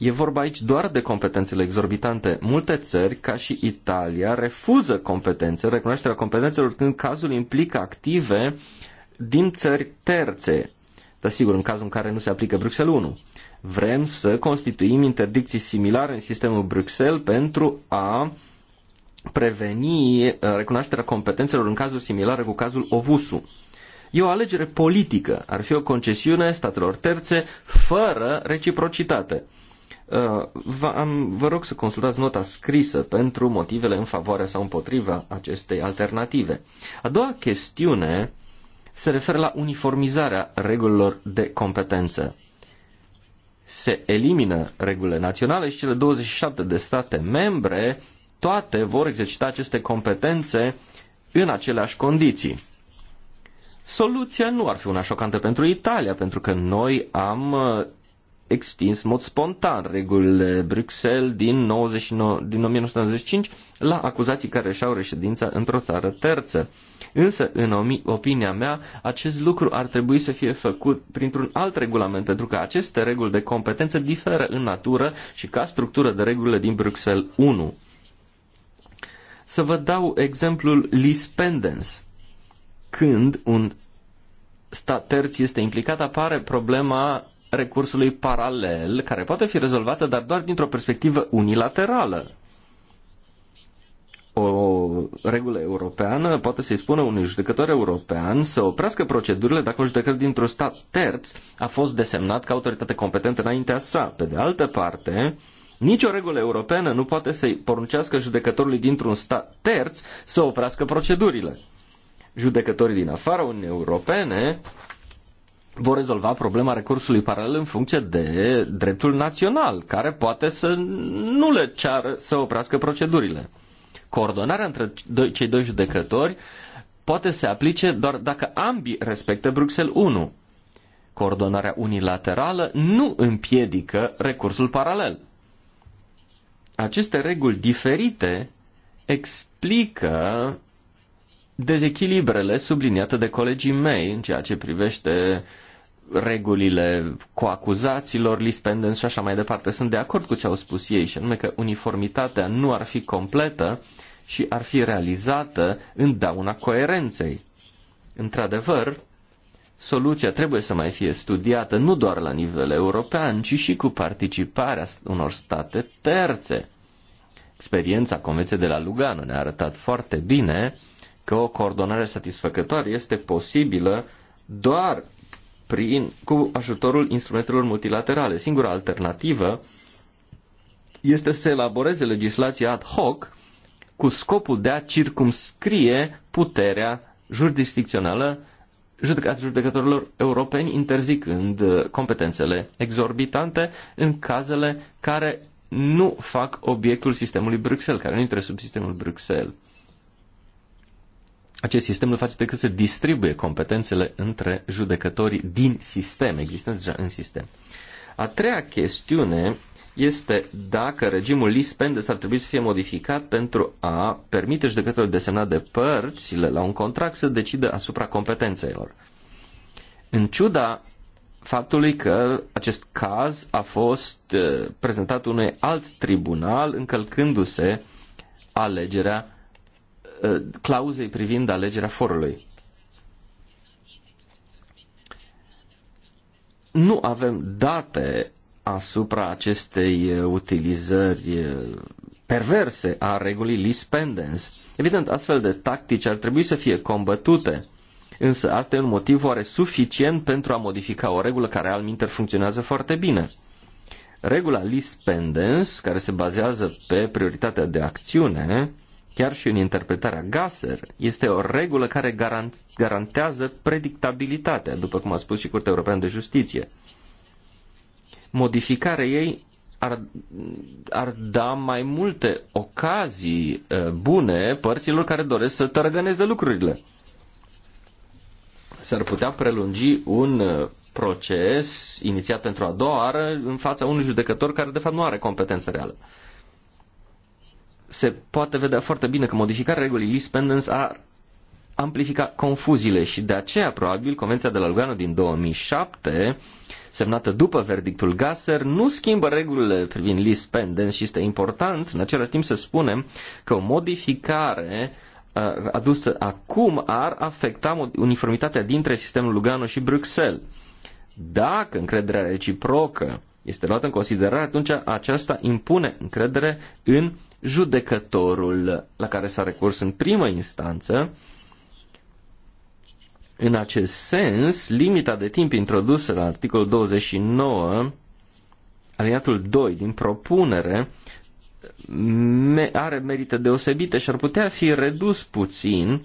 E vorba aici doar de competențele exorbitante. Multe țări, ca și Italia, refuză competențe, recunoașterea competențelor când cazul implică active din țări terțe. Dar sigur, în cazul în care nu se aplică Bruxelles 1. Vrem să constituim interdicții similare în sistemul Bruxelles pentru a preveni eh, recunoașterea competențelor în cazuri similare cu cazul Ovusu. E o alegere politică, ar fi o concesiune statelor terțe fără reciprocitate. Uh, vă, am, vă rog să consultați nota scrisă pentru motivele în favoarea sau împotriva acestei alternative. A doua chestiune se referă la uniformizarea regulilor de competență. Se elimină regulile naționale și cele 27 de state membre, toate vor exercita aceste competențe în aceleași condiții. Soluția nu ar fi una șocantă pentru Italia, pentru că noi am uh, extins în mod spontan regulile Bruxelles din, 99, din 1995 la acuzații care își au reședința într-o țară terță. Însă, în opinia mea, acest lucru ar trebui să fie făcut printr-un alt regulament, pentru că aceste reguli de competență diferă în natură și ca structură de regulile din Bruxelles 1. Să vă dau exemplul Lispendens. Când un stat terț este implicat, apare problema recursului paralel, care poate fi rezolvată, dar doar dintr-o perspectivă unilaterală. O regulă europeană poate să-i spună unui judecător european să oprească procedurile dacă un judecător dintr-un stat terț a fost desemnat ca autoritate competentă înaintea sa. Pe de altă parte, nicio regulă europeană nu poate să-i poruncească judecătorului dintr-un stat terț să oprească procedurile. Judecătorii din afara Uniunii Europene vor rezolva problema recursului paralel în funcție de dreptul național, care poate să nu le ceară să oprească procedurile. Coordonarea între cei doi judecători poate se aplice doar dacă ambii respectă Bruxelles 1. Coordonarea unilaterală nu împiedică recursul paralel. Aceste reguli diferite explică dezechilibrele subliniate de colegii mei în ceea ce privește uh, regulile cu acuzaților, list pendens și așa mai departe. Sunt de acord cu ce au spus ei și anume că uniformitatea nu ar fi completă și ar fi realizată în dauna coerenței. Într-adevăr, soluția trebuie să mai fie studiată nu doar la nivel european, ci și cu participarea unor state terțe. Experiența Convenției de la Lugano ne-a arătat foarte bine că o coordonare satisfăcătoare este posibilă doar prin, cu ajutorul instrumentelor multilaterale. Singura alternativă este să elaboreze legislație ad hoc cu scopul de a circumscrie puterea jurisdicțională judecat judecătorilor europeni, interzicând uh, competențele exorbitante în cazele care nu fac obiectul sistemului Bruxelles, care nu intră sub sistemul Bruxelles acest sistem nu face decât să distribuie competențele între judecătorii din sistem, există deja în sistem. A treia chestiune este dacă regimul lis pendes ar trebui să fie modificat pentru a permite judecătorilor desemnat de părțile la un contract să decidă asupra competențelor. În ciuda faptului că acest caz a fost uh, prezentat unui alt tribunal încălcându-se alegerea Uh, clauzei privind alegerea forului. Nu avem date asupra acestei uh, utilizări uh, perverse a regulii lispendens. Evident, astfel de tactici ar trebui să fie combătute, însă asta e un motiv oare suficient pentru a modifica o regulă care alminter funcționează foarte bine. Regula lispendens, care se bazează pe prioritatea de acțiune, chiar și în interpretarea Gasser, este o regulă care garantează predictabilitatea, după cum a spus și Curtea Europeană de Justiție. Modificarea ei ar, ar da mai multe ocazii uh, bune părților care doresc să tărăgăneze lucrurile. S-ar putea prelungi un uh, proces inițiat pentru a doua oară în fața unui judecător care de fapt nu are competență reală se poate vedea foarte bine că modificarea regulii Lee Spendens a amplifica confuziile și de aceea probabil Convenția de la Lugano din 2007 semnată după verdictul Gasser nu schimbă regulile privind Lee Spendens și este important în același timp să spunem că o modificare uh, adusă acum ar afecta uniformitatea dintre sistemul Lugano și Bruxelles. Dacă încrederea reciprocă este luată în considerare, atunci aceasta impune încredere în judecătorul la care s-a recurs în primă instanță. În acest sens, limita de timp introdusă la articolul 29, aliniatul 2 din propunere, are merite deosebite și ar putea fi redus puțin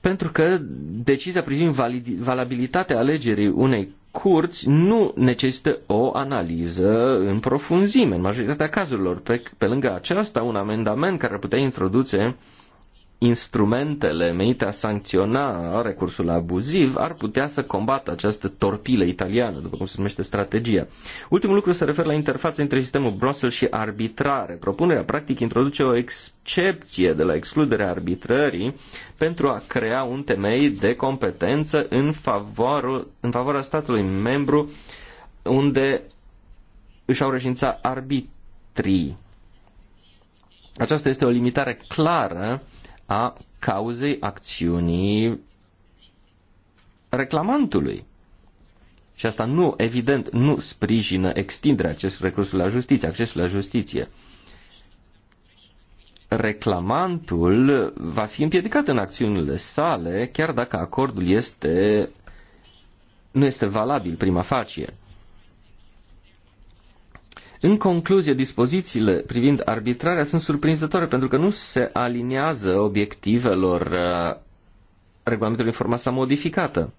pentru că decizia privind valabilitatea alegerii unei curți nu necesită o analiză în profunzime, în majoritatea cazurilor. Pe, pe lângă aceasta, un amendament care putea introduce instrumentele menite a sancționa recursul abuziv ar putea să combată această torpilă italiană, după cum se numește strategia. Ultimul lucru se referă la interfața între sistemul Brussels și arbitrare. Propunerea practic introduce o excepție de la excluderea arbitrării pentru a crea un temei de competență în, favorul, în favoarea statului membru unde își au reșința arbitrii. Aceasta este o limitare clară a cauzei acțiunii reclamantului. Și asta nu, evident, nu sprijină extinderea acestui recurs la justiție, accesul la justiție. Reclamantul va fi împiedicat în acțiunile sale, chiar dacă acordul este, nu este valabil prima facie. În concluzie, dispozițiile privind arbitrarea sunt surprinzătoare pentru că nu se aliniază obiectivelor uh, regulamentului în forma sa modificată.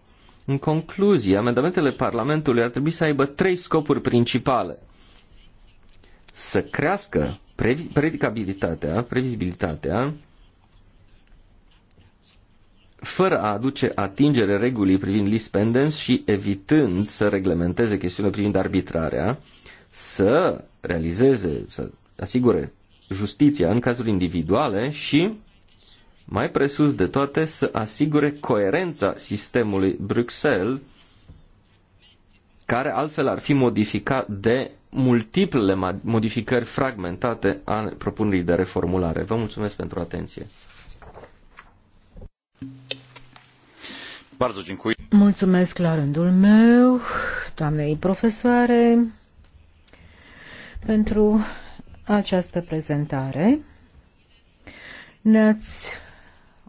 În concluzie, amendamentele Parlamentului ar trebui să aibă trei scopuri principale. Să crească predicabilitatea, previzibilitatea, fără a aduce atingere regulii privind lispendens și evitând să reglementeze chestiunile privind arbitrarea, să realizeze, să asigure justiția în cazuri individuale și, mai presus de toate, să asigure coerența sistemului Bruxelles, care altfel ar fi modificat de multiplele modificări fragmentate a propunerii de reformulare. Vă mulțumesc pentru atenție. Mulțumesc la rândul meu, doamnei profesoare pentru această prezentare. Ne-ați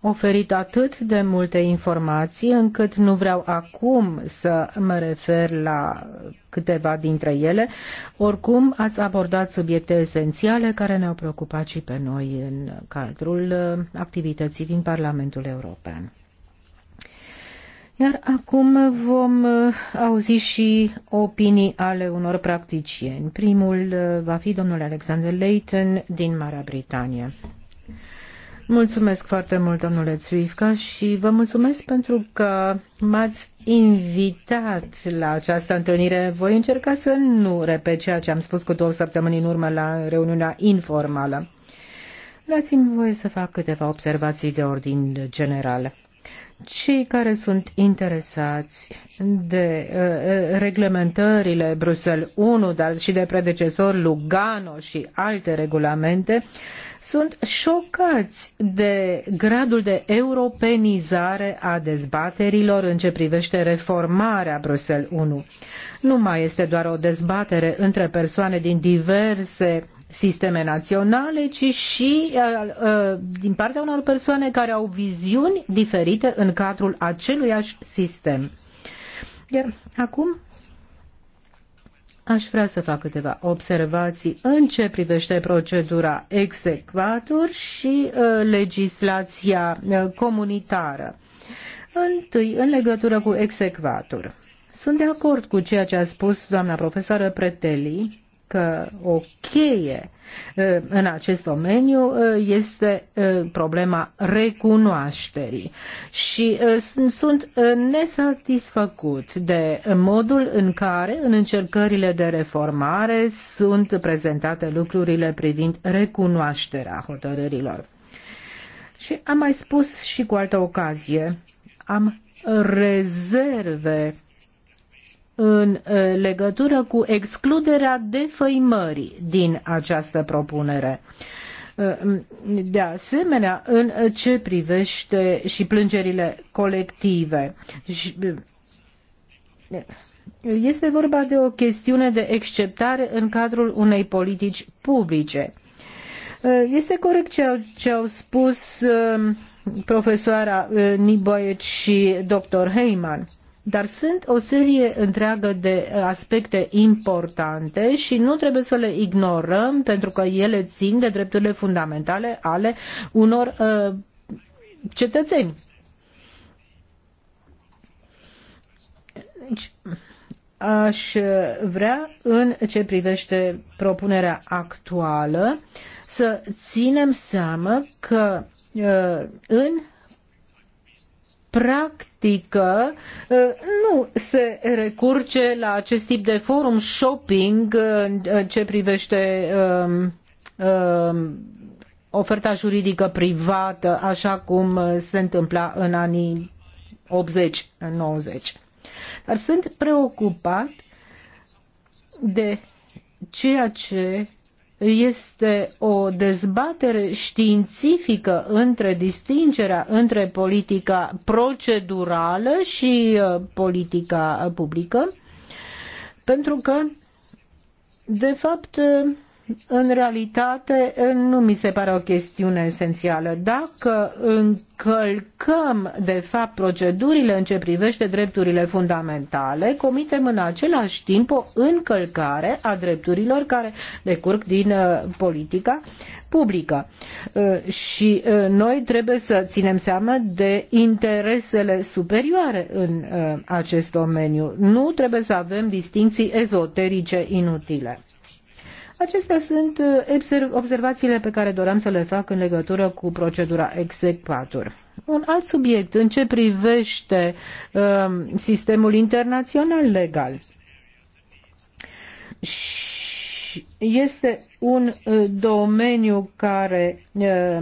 oferit atât de multe informații încât nu vreau acum să mă refer la câteva dintre ele. Oricum, ați abordat subiecte esențiale care ne-au preocupat și pe noi în cadrul activității din Parlamentul European. Iar acum vom uh, auzi și opinii ale unor practicieni. Primul uh, va fi domnul Alexander Leighton din Marea Britanie. Mulțumesc foarte mult, domnule Țuivca, și vă mulțumesc pentru că m-ați invitat la această întâlnire. Voi încerca să nu repet ceea ce am spus cu două săptămâni în urmă la reuniunea informală. Dați-mi voie să fac câteva observații de ordin general cei care sunt interesați de uh, uh reglementările Brusel 1, dar și de predecesor Lugano și alte regulamente, sunt șocați de gradul de europenizare a dezbaterilor în ce privește reformarea Brusel 1. Nu mai este doar o dezbatere între persoane din diverse sisteme naționale, ci și uh, uh, din partea unor persoane care au viziuni diferite în cadrul aceluiași sistem. Iar acum aș vrea să fac câteva observații în ce privește procedura execvator și uh, legislația uh, comunitară. Întâi, în legătură cu execvator. Sunt de acord cu ceea ce a spus doamna profesoară Preteli că o cheie uh, în acest domeniu uh, este uh, problema recunoașterii și sunt nesatisfăcut de modul în care în încercările de reformare sunt prezentate lucrurile privind recunoașterea hotărârilor. Și am mai spus și cu altă ocazie, am rezerve în uh, legătură cu excluderea defăimării din această propunere. Uh, de asemenea, în ce privește și plângerile colective. Uh, este vorba de o chestiune de exceptare în cadrul unei politici publice. Este corect ce au, spus profesoara Niboieci și dr. Heyman dar sunt o serie întreagă de uh, aspecte importante și nu trebuie să le ignorăm pentru că ele țin de drepturile fundamentale ale unor uh, cetățeni. Deci, aș vrea în ce privește propunerea actuală să ținem seama că uh, în practică uh, nu se recurge la acest tip de forum shopping uh, în ce privește um, um, oferta juridică privată, așa cum uh, se întâmpla în anii 80-90. Dar sunt preocupat de ceea ce este o dezbatere științifică între distingerea între politica procedurală și uh, politica publică, pentru că, de fapt, uh, în realitate nu mi se pare o chestiune esențială. Dacă încălcăm, de fapt, procedurile în ce privește drepturile fundamentale, comitem în același timp o încălcare a drepturilor care decurg din uh, politica publică. Uh, și uh, noi trebuie să ținem seama de interesele superioare în acest domeniu. Nu trebuie să avem distinții ezoterice inutile. Acestea sunt uh, observațiile pe care doream să le fac în legătură cu procedura execvator. Un alt subiect în ce privește um, sistemul internațional legal. Și este un uh, domeniu care uh,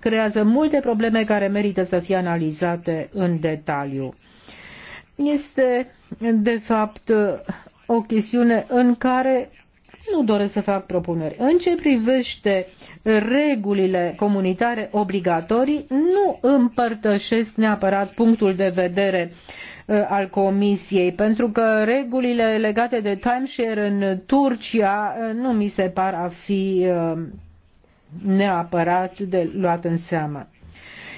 creează multe probleme care merită să fie analizate în detaliu. Este, de fapt, uh, o chestiune în care nu doresc să fac propuneri. În ce privește regulile comunitare obligatorii, nu împărtășesc neapărat punctul de vedere uh, al Comisiei, pentru că regulile legate de timeshare în Turcia uh, nu mi se par a fi uh, neapărat de luat în seamă.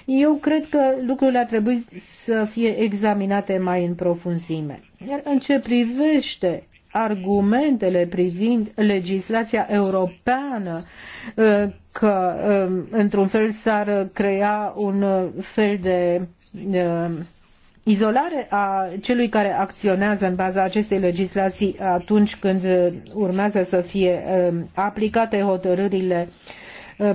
Eu cred că lucrurile ar trebui să fie examinate mai în profunzime. Iar în ce privește argumentele privind legislația europeană uh, că um, într-un fel s-ar crea un uh, fel de uh, izolare a celui care acționează în baza acestei legislații atunci când urmează să fie um, aplicate hotărârile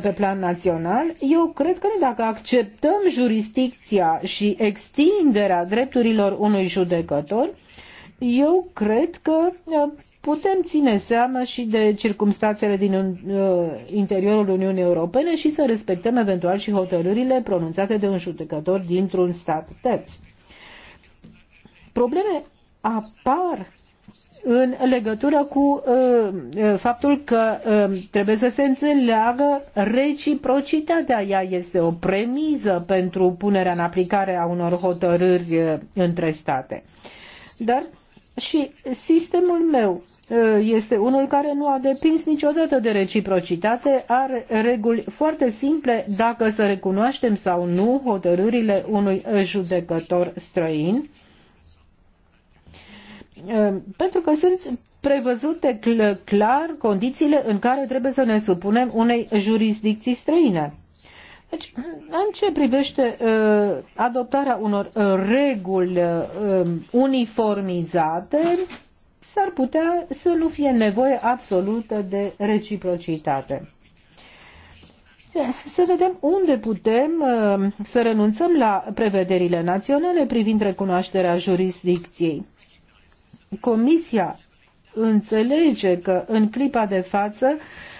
pe plan național, eu cred că Dacă acceptăm jurisdicția și extinderea drepturilor unui judecător, eu cred că uh, putem ține seama și de circumstanțele din uh, interiorul Uniunii Europene și să respectăm eventual și hotărârile pronunțate de un judecător dintr-un stat terț. Probleme apar în legătură cu uh, uh, faptul că uh, trebuie să se înțeleagă reciprocitatea. Ea este o premiză pentru punerea în aplicare a unor hotărâri uh, între state. Dar și sistemul meu uh, este unul care nu a depins niciodată de reciprocitate, are reguli foarte simple dacă să recunoaștem sau nu hotărârile unui judecător străin, uh, pentru că sunt prevăzute clar condițiile în care trebuie să ne supunem unei jurisdicții străine. Deci, în ce privește uh, adoptarea unor uh, reguli uh, uniformizate, s-ar putea să nu fie nevoie absolută de reciprocitate. Să vedem unde putem uh, să renunțăm la prevederile naționale privind recunoașterea jurisdicției. Comisia înțelege că în clipa de față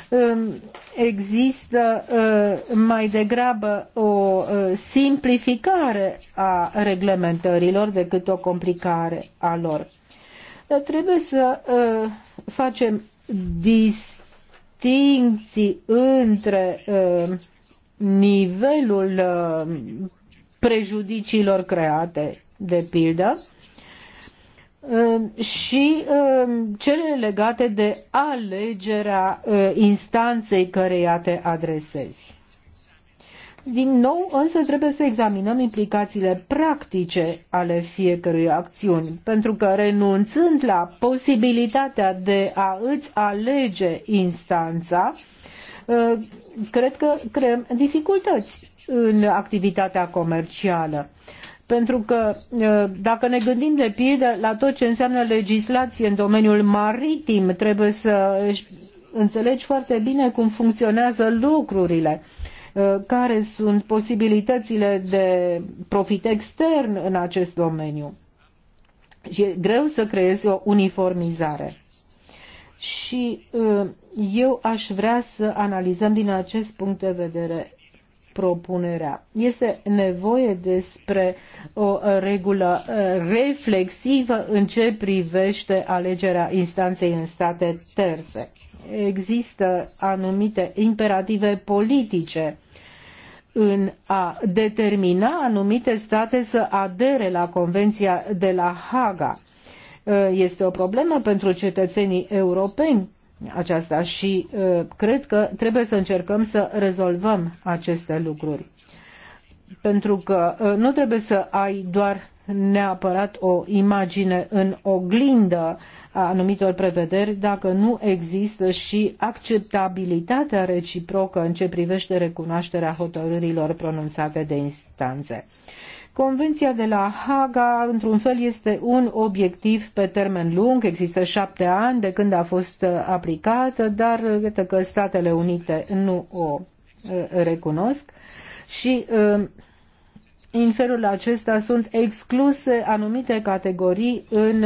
uh, există uh, mai degrabă o uh, simplificare a reglementărilor decât o complicare a lor. trebuie să uh, facem distinții între nivelul prejudiciilor create, de pildă, Ehm, și ehm, cele legate de alegerea eh, instanței căreia te adresezi. Din nou, însă, trebuie să examinăm implicațiile practice ale fiecărui acțiuni, pentru că renunțând la posibilitatea de a îți alege instanța, eh, cred că creăm dificultăți în activitatea comercială. Pentru că dacă ne gândim de pildă la tot ce înseamnă legislație în domeniul maritim, trebuie să înțelegi foarte bine cum funcționează lucrurile care sunt posibilitățile de profit extern în acest domeniu. Și e greu să creezi o uniformizare. Și eu aș vrea să analizăm din acest punct de vedere propunerea. Este nevoie despre o uh, regulă uh, reflexivă în ce privește alegerea instanței în state terțe. Există anumite imperative politice în a determina anumite state să adere la Convenția de la Haga. Uh, este o problemă pentru cetățenii europeni aceasta și uh, cred că trebuie să încercăm să rezolvăm aceste lucruri. Pentru că uh, nu trebuie să ai doar neapărat o imagine în oglindă a anumitor prevederi dacă nu există și acceptabilitatea reciprocă în ce privește recunoașterea hotărârilor pronunțate de instanțe. Convenția de la Haga, într-un fel, este un obiectiv pe termen lung, există șapte ani de când a fost uh, aplicată, dar uh, iată că Statele Unite nu o uh, recunosc și în felul acesta sunt excluse anumite categorii în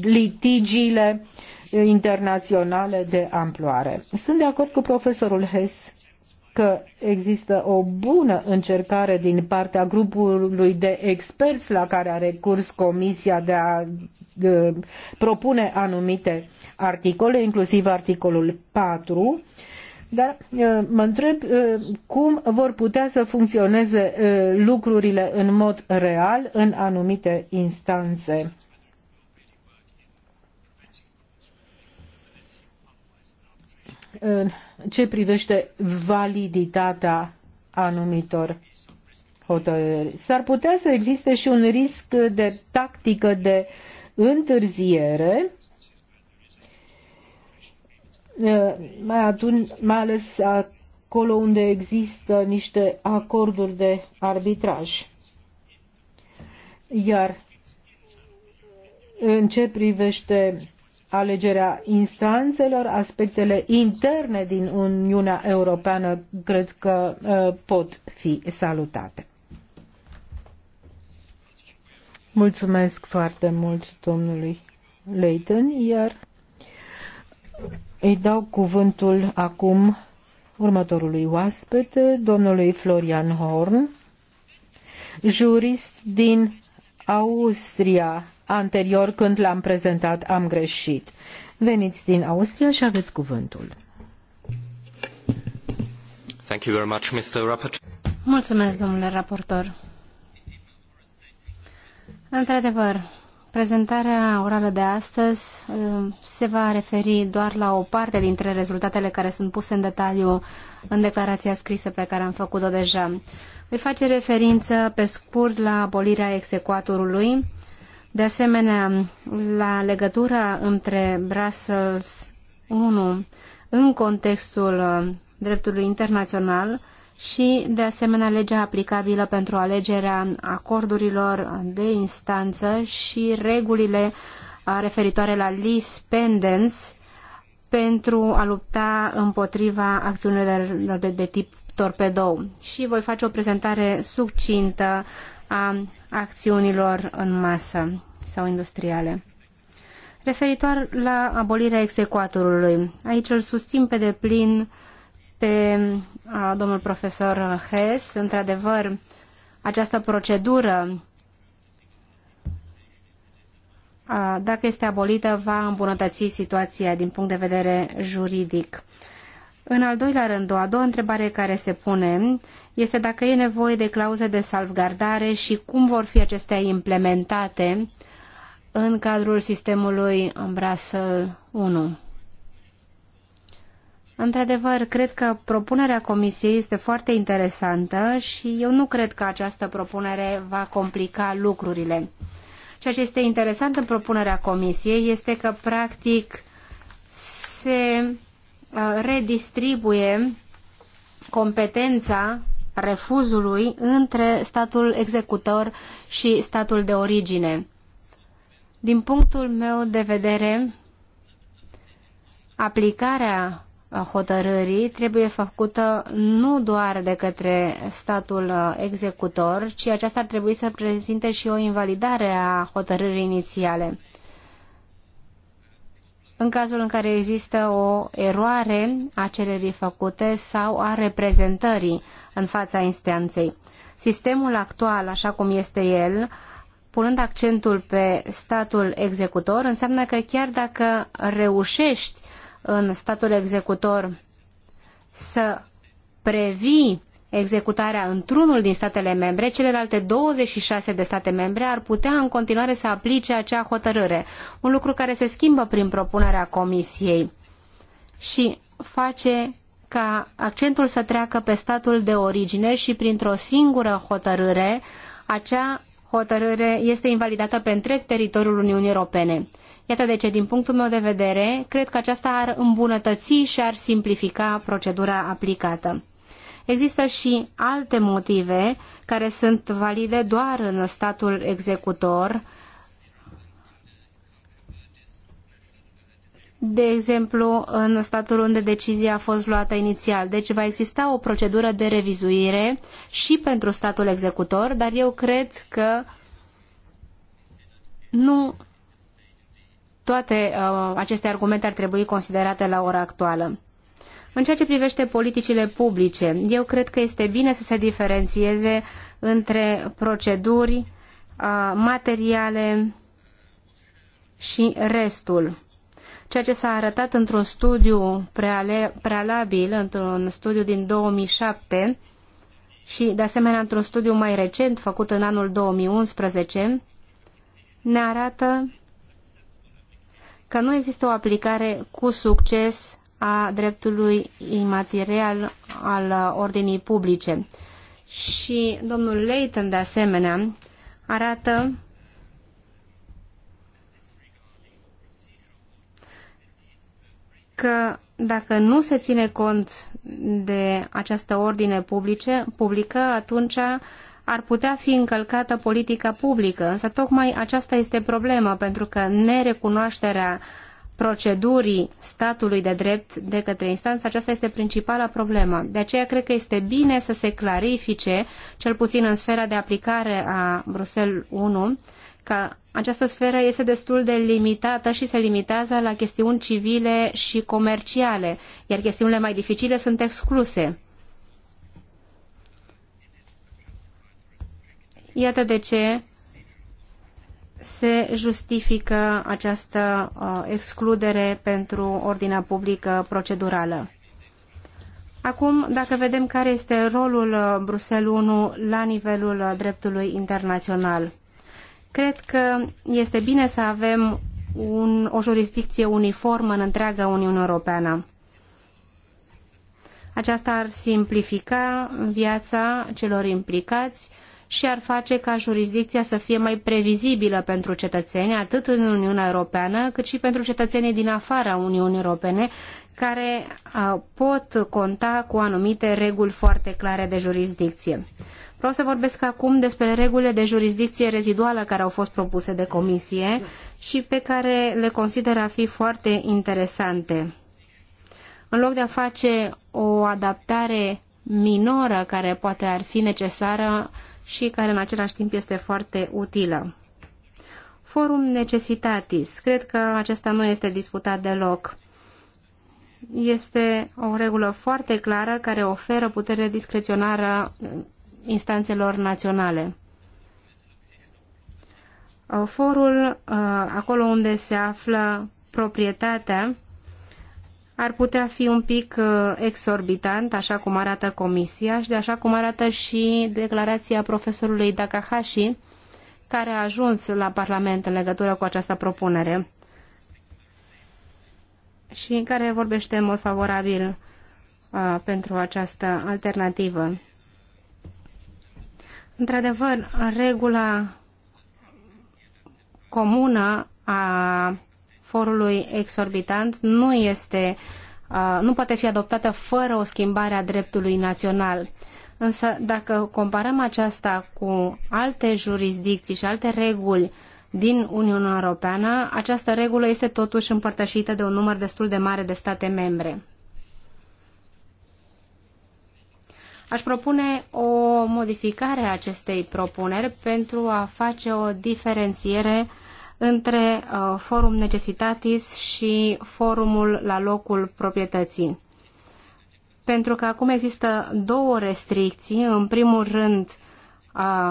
litigiile internaționale de amploare. Sunt de acord cu profesorul Hess că există o bună încercare din partea grupului de experți la care a recurs Comisia de a de, propune anumite articole, inclusiv articolul 4, dar mă întreb cum vor putea să funcționeze lucrurile în mod real în anumite instanțe ce privește validitatea anumitor hotărâri. S-ar putea să existe și un risc de tactică de întârziere, mai, atunci, mai ales acolo unde există niște acorduri de arbitraj. Iar în ce privește alegerea instanțelor, aspectele interne din Uniunea Europeană cred că uh, pot fi salutate. Mulțumesc foarte mult domnului Leighton, iar îi dau cuvântul acum următorului oaspete, domnului Florian Horn, jurist din Austria, anterior când l-am prezentat am greșit. Veniți din Austria și aveți cuvântul. Thank you very much, Mr. Mulțumesc, domnule raportor. Într-adevăr, prezentarea orală de astăzi uh, se va referi doar la o parte dintre rezultatele care sunt puse în detaliu în declarația scrisă pe care am făcut-o deja. Voi face referință pe scurt la abolirea execuatorului, de asemenea, la legătura între Brussels 1 în contextul uh, dreptului internațional și, de asemenea, legea aplicabilă pentru alegerea acordurilor de instanță și regulile uh, referitoare la lease pendants pentru a lupta împotriva acțiunilor de, de, de tip torpedou. Și voi face o prezentare succintă a acțiunilor în masă sau industriale. Referitor la abolirea execuatorului, aici îl susțin pe deplin pe a, domnul profesor Hess. Într-adevăr, această procedură, a, dacă este abolită, va îmbunătăți situația din punct de vedere juridic. În al doilea rând, o a doua întrebare care se pune este dacă e nevoie de clauze de salvgardare și cum vor fi acestea implementate în cadrul sistemului Brasel 1. Într-adevăr, cred că propunerea Comisiei este foarte interesantă și eu nu cred că această propunere va complica lucrurile. Ceea ce este interesant în propunerea Comisiei este că, practic, se uh, redistribuie competența refuzului între statul executor și statul de origine. Din punctul meu de vedere, aplicarea hotărârii trebuie făcută nu doar de către statul uh, executor, ci aceasta ar trebui să prezinte și o invalidare a hotărârii inițiale. În cazul în care există o eroare a cererii făcute sau a reprezentării în fața instanței. Sistemul actual, așa cum este el, punând accentul pe statul executor, înseamnă că chiar dacă reușești în statul executor să previi executarea într-unul din statele membre, celelalte 26 de state membre ar putea în continuare să aplice acea hotărâre, un lucru care se schimbă prin propunerea Comisiei și face ca accentul să treacă pe statul de origine și printr-o singură hotărâre, acea hotărâre este invalidată pe întreg teritoriul Uniunii Europene. Iată de ce, din punctul meu de vedere, cred că aceasta ar îmbunătăți și ar simplifica procedura aplicată. Există și alte motive care sunt valide doar în statul executor, de exemplu, în statul unde decizia a fost luată inițial. Deci va exista o procedură de revizuire și pentru statul executor, dar eu cred că nu toate uh, aceste argumente ar trebui considerate la ora actuală. În ceea ce privește politicile publice, eu cred că este bine să se diferențieze între proceduri, uh, materiale și restul ceea ce s-a arătat într-un studiu preale, prealabil, într-un studiu din 2007 și, de asemenea, într-un studiu mai recent, făcut în anul 2011, ne arată că nu există o aplicare cu succes a dreptului imaterial al ordinii publice. Și domnul Leighton, de asemenea, arată că dacă nu se ține cont de această ordine publice, publică, atunci ar putea fi încălcată politica publică. Însă tocmai aceasta este problema, pentru că nerecunoașterea procedurii statului de drept de către instanță, aceasta este principala problemă. De aceea cred că este bine să se clarifice, cel puțin în sfera de aplicare a Bruxelles 1, că această sferă este destul de limitată și se limitează la chestiuni civile și comerciale, iar chestiunile mai dificile sunt excluse. Iată de ce se justifică această uh, excludere pentru ordinea publică procedurală. Acum, dacă vedem care este rolul uh, Bruxelles 1 la nivelul uh, dreptului internațional. Cred că este bine să avem un, o jurisdicție uniformă în întreaga Uniune Europeană. Aceasta ar simplifica viața celor implicați și ar face ca jurisdicția să fie mai previzibilă pentru cetățeni, atât în Uniunea Europeană, cât și pentru cetățenii din afara Uniunii Europene, care pot conta cu anumite reguli foarte clare de jurisdicție. Vreau să vorbesc acum despre regulile de jurisdicție reziduală care au fost propuse de comisie și pe care le consider a fi foarte interesante. În loc de a face o adaptare minoră care poate ar fi necesară și care în același timp este foarte utilă. Forum necessitatis. Cred că acesta nu este disputat deloc. Este o regulă foarte clară care oferă putere discreționară instanțelor naționale. Uh, forul, uh, acolo unde se află proprietatea, ar putea fi un pic uh, exorbitant, așa cum arată comisia și de așa cum arată și declarația profesorului Dakahashi, care a ajuns la Parlament în legătură cu această propunere și în care vorbește în mod favorabil a, pentru această alternativă. Într-adevăr, regula comună a forului exorbitant nu este nu poate fi adoptată fără o schimbare a dreptului național. Însă, dacă comparăm aceasta cu alte jurisdicții și alte reguli din Uniunea Europeană, această regulă este totuși împărtășită de un număr destul de mare de state membre. Aș propune o modificare a acestei propuneri pentru a face o diferențiere între uh, forum necesitatis și forumul la locul proprietății. Pentru că acum există două restricții. În primul rând,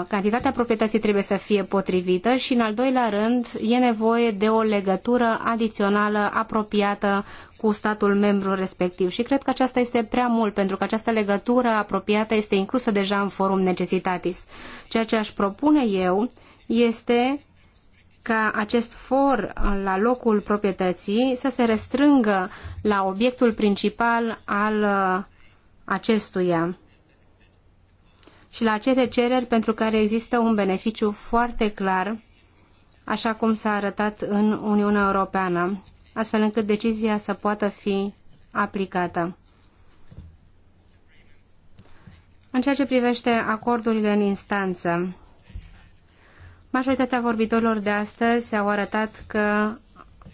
cantitatea proprietății trebuie să fie potrivită și, în al doilea rând, e nevoie de o legătură adițională apropiată cu statul membru respectiv. Și cred că aceasta este prea mult, pentru că această legătură apropiată este inclusă deja în forum necesitatis. Ceea ce aș propune eu este ca acest for la locul proprietății să se restrângă la obiectul principal al uh, acestuia și la acele cereri pentru care există un beneficiu foarte clar, așa cum s-a arătat în Uniunea Europeană, astfel încât decizia să poată fi aplicată. În ceea ce privește acordurile în instanță, majoritatea vorbitorilor de astăzi au arătat că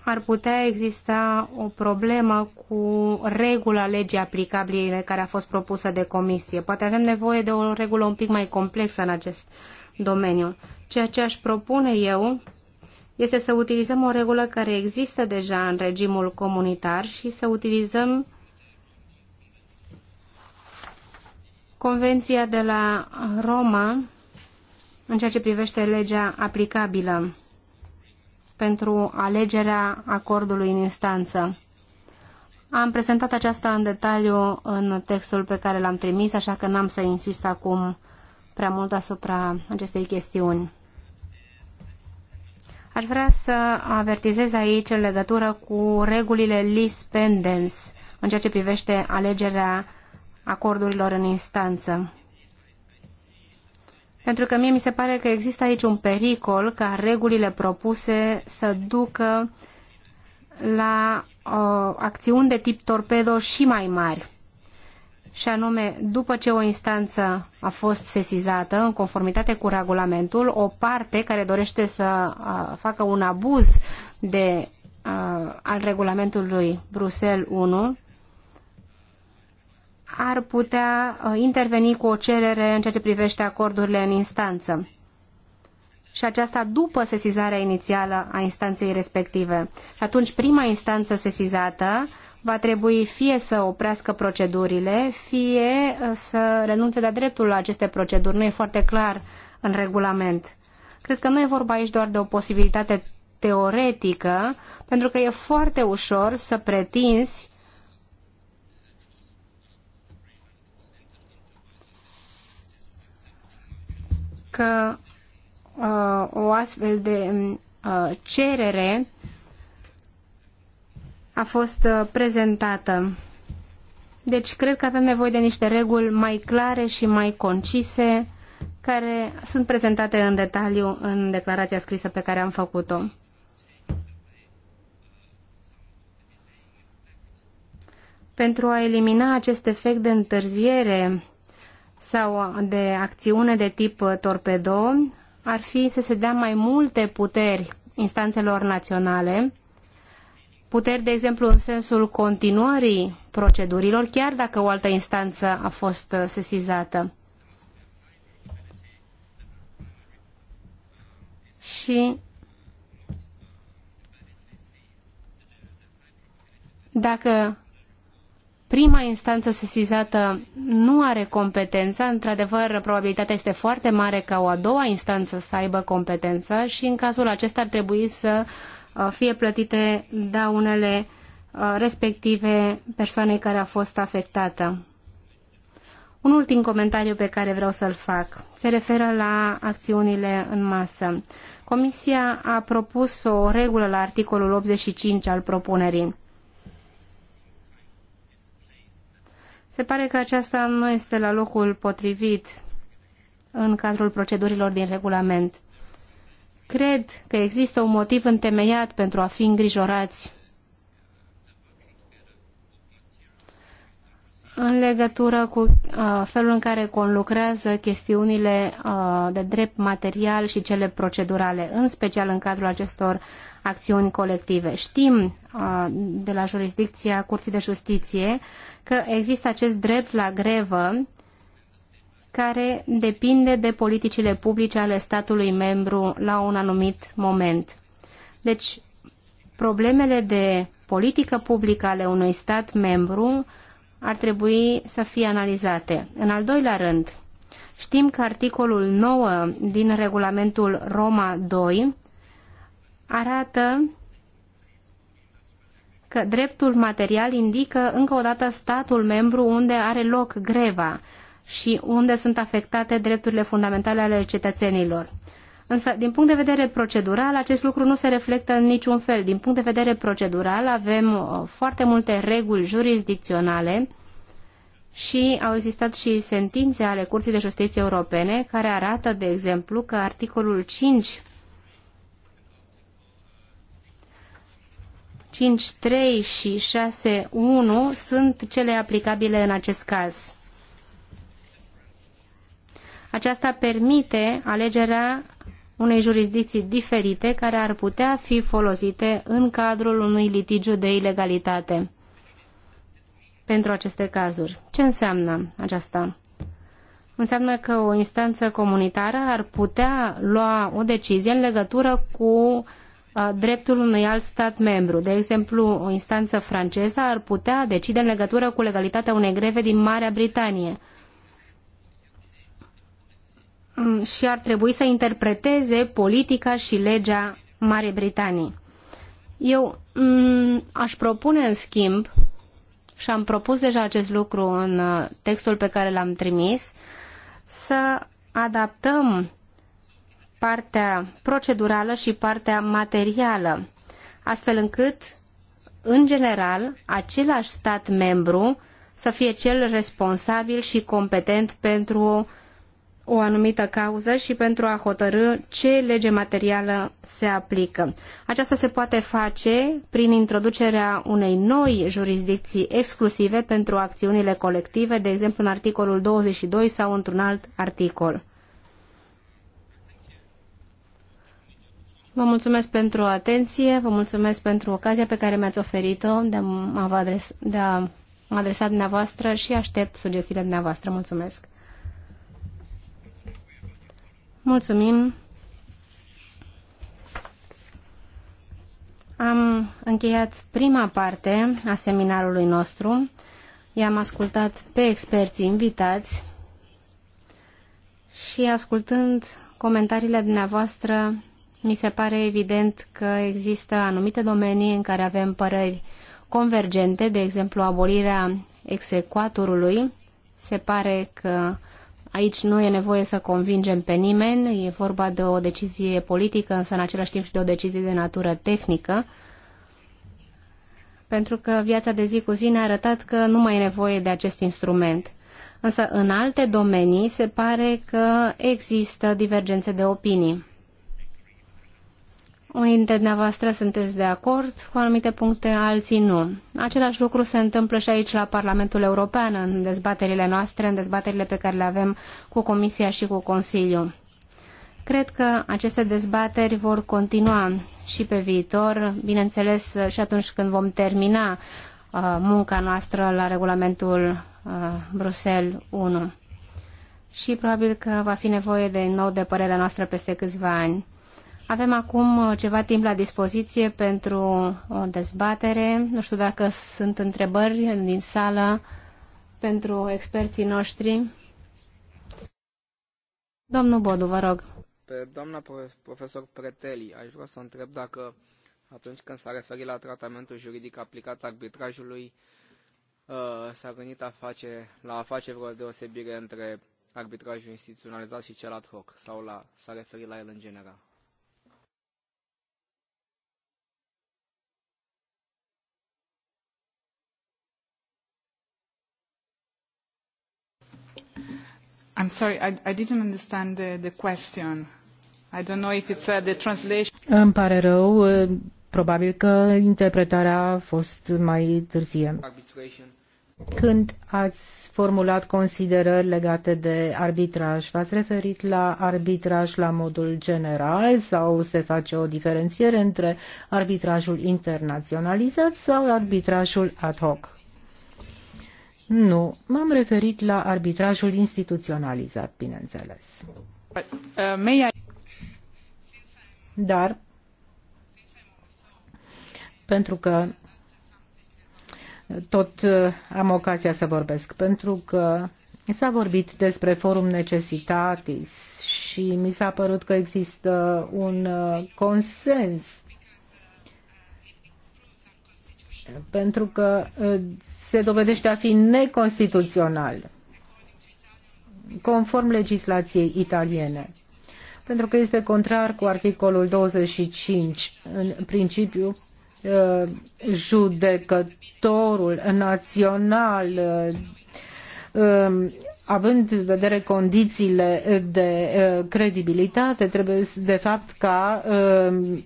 ar putea exista o problemă cu regula legii aplicabile care a fost propusă de comisie. Poate avem nevoie de o regulă un pic mai complexă în acest domeniu. Ceea ce aș propune eu este să utilizăm o regulă care există deja în regimul comunitar și să utilizăm Convenția de la Roma în ceea ce privește legea aplicabilă pentru alegerea acordului în instanță. Am prezentat aceasta în detaliu în textul pe care l-am trimis, așa că n-am să insist acum prea mult asupra acestei chestiuni. Aș vrea să avertizez aici în legătură cu regulile lispendens, pendens în ceea ce privește alegerea acordurilor în instanță. Pentru că mie mi se pare că există aici un pericol ca regulile propuse să ducă la uh, acțiuni de tip torpedo și mai mari. Și anume, după ce o instanță a fost sesizată, în conformitate cu regulamentul, o parte care dorește să uh, facă un abuz de, uh, al regulamentului Bruxelles 1 ar putea uh, interveni cu o cerere în ceea ce privește acordurile în instanță și aceasta după sesizarea inițială a instanței respective. Și atunci prima instanță sesizată va trebui fie să oprească procedurile, fie uh, să renunțe de dreptul la aceste proceduri. Nu e foarte clar în regulament. Cred că nu e vorba aici doar de o posibilitate teoretică, pentru că e foarte ușor să pretinzi că uh, o astfel de uh, cerere a fost uh, prezentată. Deci cred că avem nevoie de niște reguli mai clare și mai concise care sunt prezentate în detaliu în declarația scrisă pe care am făcut-o. Pentru a elimina acest efect de întârziere sau de acțiune de tip torpedo, ar fi să se dea mai multe puteri instanțelor naționale, puteri, de exemplu, în sensul continuării procedurilor, chiar dacă o altă instanță a fost uh, sesizată. Și dacă prima instanță sesizată nu are competența, într-adevăr, probabilitatea este foarte mare ca o a doua instanță să aibă competența și în cazul acesta ar trebui să uh, fie plătite daunele uh, respective persoanei care a fost afectată. Un ultim comentariu pe care vreau să-l fac se referă la acțiunile în masă. Comisia a propus o regulă la articolul 85 al propunerii. Se pare că aceasta nu este la locul potrivit în cadrul procedurilor din regulament. Cred că există un motiv întemeiat pentru a fi îngrijorați în legătură cu uh, felul în care conlucrează chestiunile uh, de drept material și cele procedurale, în special în cadrul acestor acțiuni colective. Știm uh, de la jurisdicția Curții de Justiție că există acest drept la grevă care depinde de politicile publice ale statului membru la un anumit moment. Deci, problemele de politică publică ale unui stat membru ar trebui să fie analizate. În al doilea rând, știm că articolul 9 din regulamentul Roma 2 arată că dreptul material indică încă o dată statul membru unde are loc greva și unde sunt afectate drepturile fundamentale ale cetățenilor. Însă, din punct de vedere procedural, acest lucru nu se reflectă în niciun fel. Din punct de vedere procedural, avem uh, foarte multe reguli jurisdicționale și au existat și sentințe ale Curții de Justiție Europene care arată, de exemplu, că articolul 5 5.3 și 6.1 sunt cele aplicabile în acest caz. Aceasta permite alegerea unei jurisdicții diferite care ar putea fi folosite în cadrul unui litigiu de ilegalitate pentru aceste cazuri. Ce înseamnă aceasta? Înseamnă că o instanță comunitară ar putea lua o decizie în legătură cu dreptul unui alt stat membru. De exemplu, o instanță franceză ar putea decide în legătură cu legalitatea unei greve din Marea Britanie mm, și ar trebui să interpreteze politica și legea Marii Britanii. Eu mm, aș propune, în schimb, și am propus deja acest lucru în uh, textul pe care l-am trimis, să adaptăm partea procedurală și partea materială, astfel încât, în general, același stat membru să fie cel responsabil și competent pentru o anumită cauză și pentru a hotărî ce lege materială se aplică. Aceasta se poate face prin introducerea unei noi jurisdicții exclusive pentru acțiunile colective, de exemplu în articolul 22 sau într-un alt articol. Vă mulțumesc pentru atenție, vă mulțumesc pentru ocazia pe care mi-ați oferit-o de a mă adresa, de a mă adresa dumneavoastră și aștept sugestiile dumneavoastră. Mulțumesc! Mulțumim! Am încheiat prima parte a seminarului nostru. I-am ascultat pe experții invitați și ascultând comentariile dumneavoastră mi se pare evident că există anumite domenii în care avem păreri convergente, de exemplu abolirea execuatorului. Se pare că aici nu e nevoie să convingem pe nimeni, e vorba de o decizie politică, însă în același timp și de o decizie de natură tehnică pentru că viața de zi cu zi ne-a arătat că nu mai e nevoie de acest instrument. Însă în alte domenii se pare că există divergențe de opinii. Unii dintre dumneavoastră sunteți de acord cu anumite puncte, alții nu. Același lucru se întâmplă și aici la Parlamentul European, în dezbaterile noastre, în dezbaterile pe care le avem cu Comisia și cu Consiliul. Cred că aceste dezbateri vor continua și pe viitor, bineînțeles și atunci când vom termina uh, munca noastră la regulamentul uh, Bruxelles 1. Și probabil că va fi nevoie de nou de părerea noastră peste câțiva ani. Avem acum uh, ceva timp la dispoziție pentru o uh, dezbatere. Nu știu dacă sunt întrebări din sală pentru experții noștri. Domnul Bodu, vă rog. Pe doamna profesor Preteli, aș vrea să întreb dacă atunci când s-a referit la tratamentul juridic aplicat arbitrajului, uh, s-a gândit a face, la a face vreo deosebire între arbitrajul instituționalizat și cel ad hoc, sau la, s-a referit la el în general. I'm sorry, I, I didn't understand the, the question. I don't know if it's uh, the translation. Îmi pare rău, uh, probabil că interpretarea a fost mai târzie. Când ați formulat considerări legate de arbitraj, v-ați referit la arbitraj la modul general sau se face o diferențiere între arbitrajul internaționalizat sau arbitrajul ad hoc? Nu, m-am referit la arbitrajul instituționalizat, bineînțeles. Dar, pentru că tot uh, am ocazia să vorbesc, pentru că s-a vorbit despre forum necesitatis și mi s-a părut că există un uh, consens pentru că uh, se dovedește a fi neconstituțional, conform legislației italiene, pentru că este contrar cu articolul 25. În principiu, uh, judecătorul național uh, um, având în vedere condițiile de uh, credibilitate, trebuie de fapt ca um,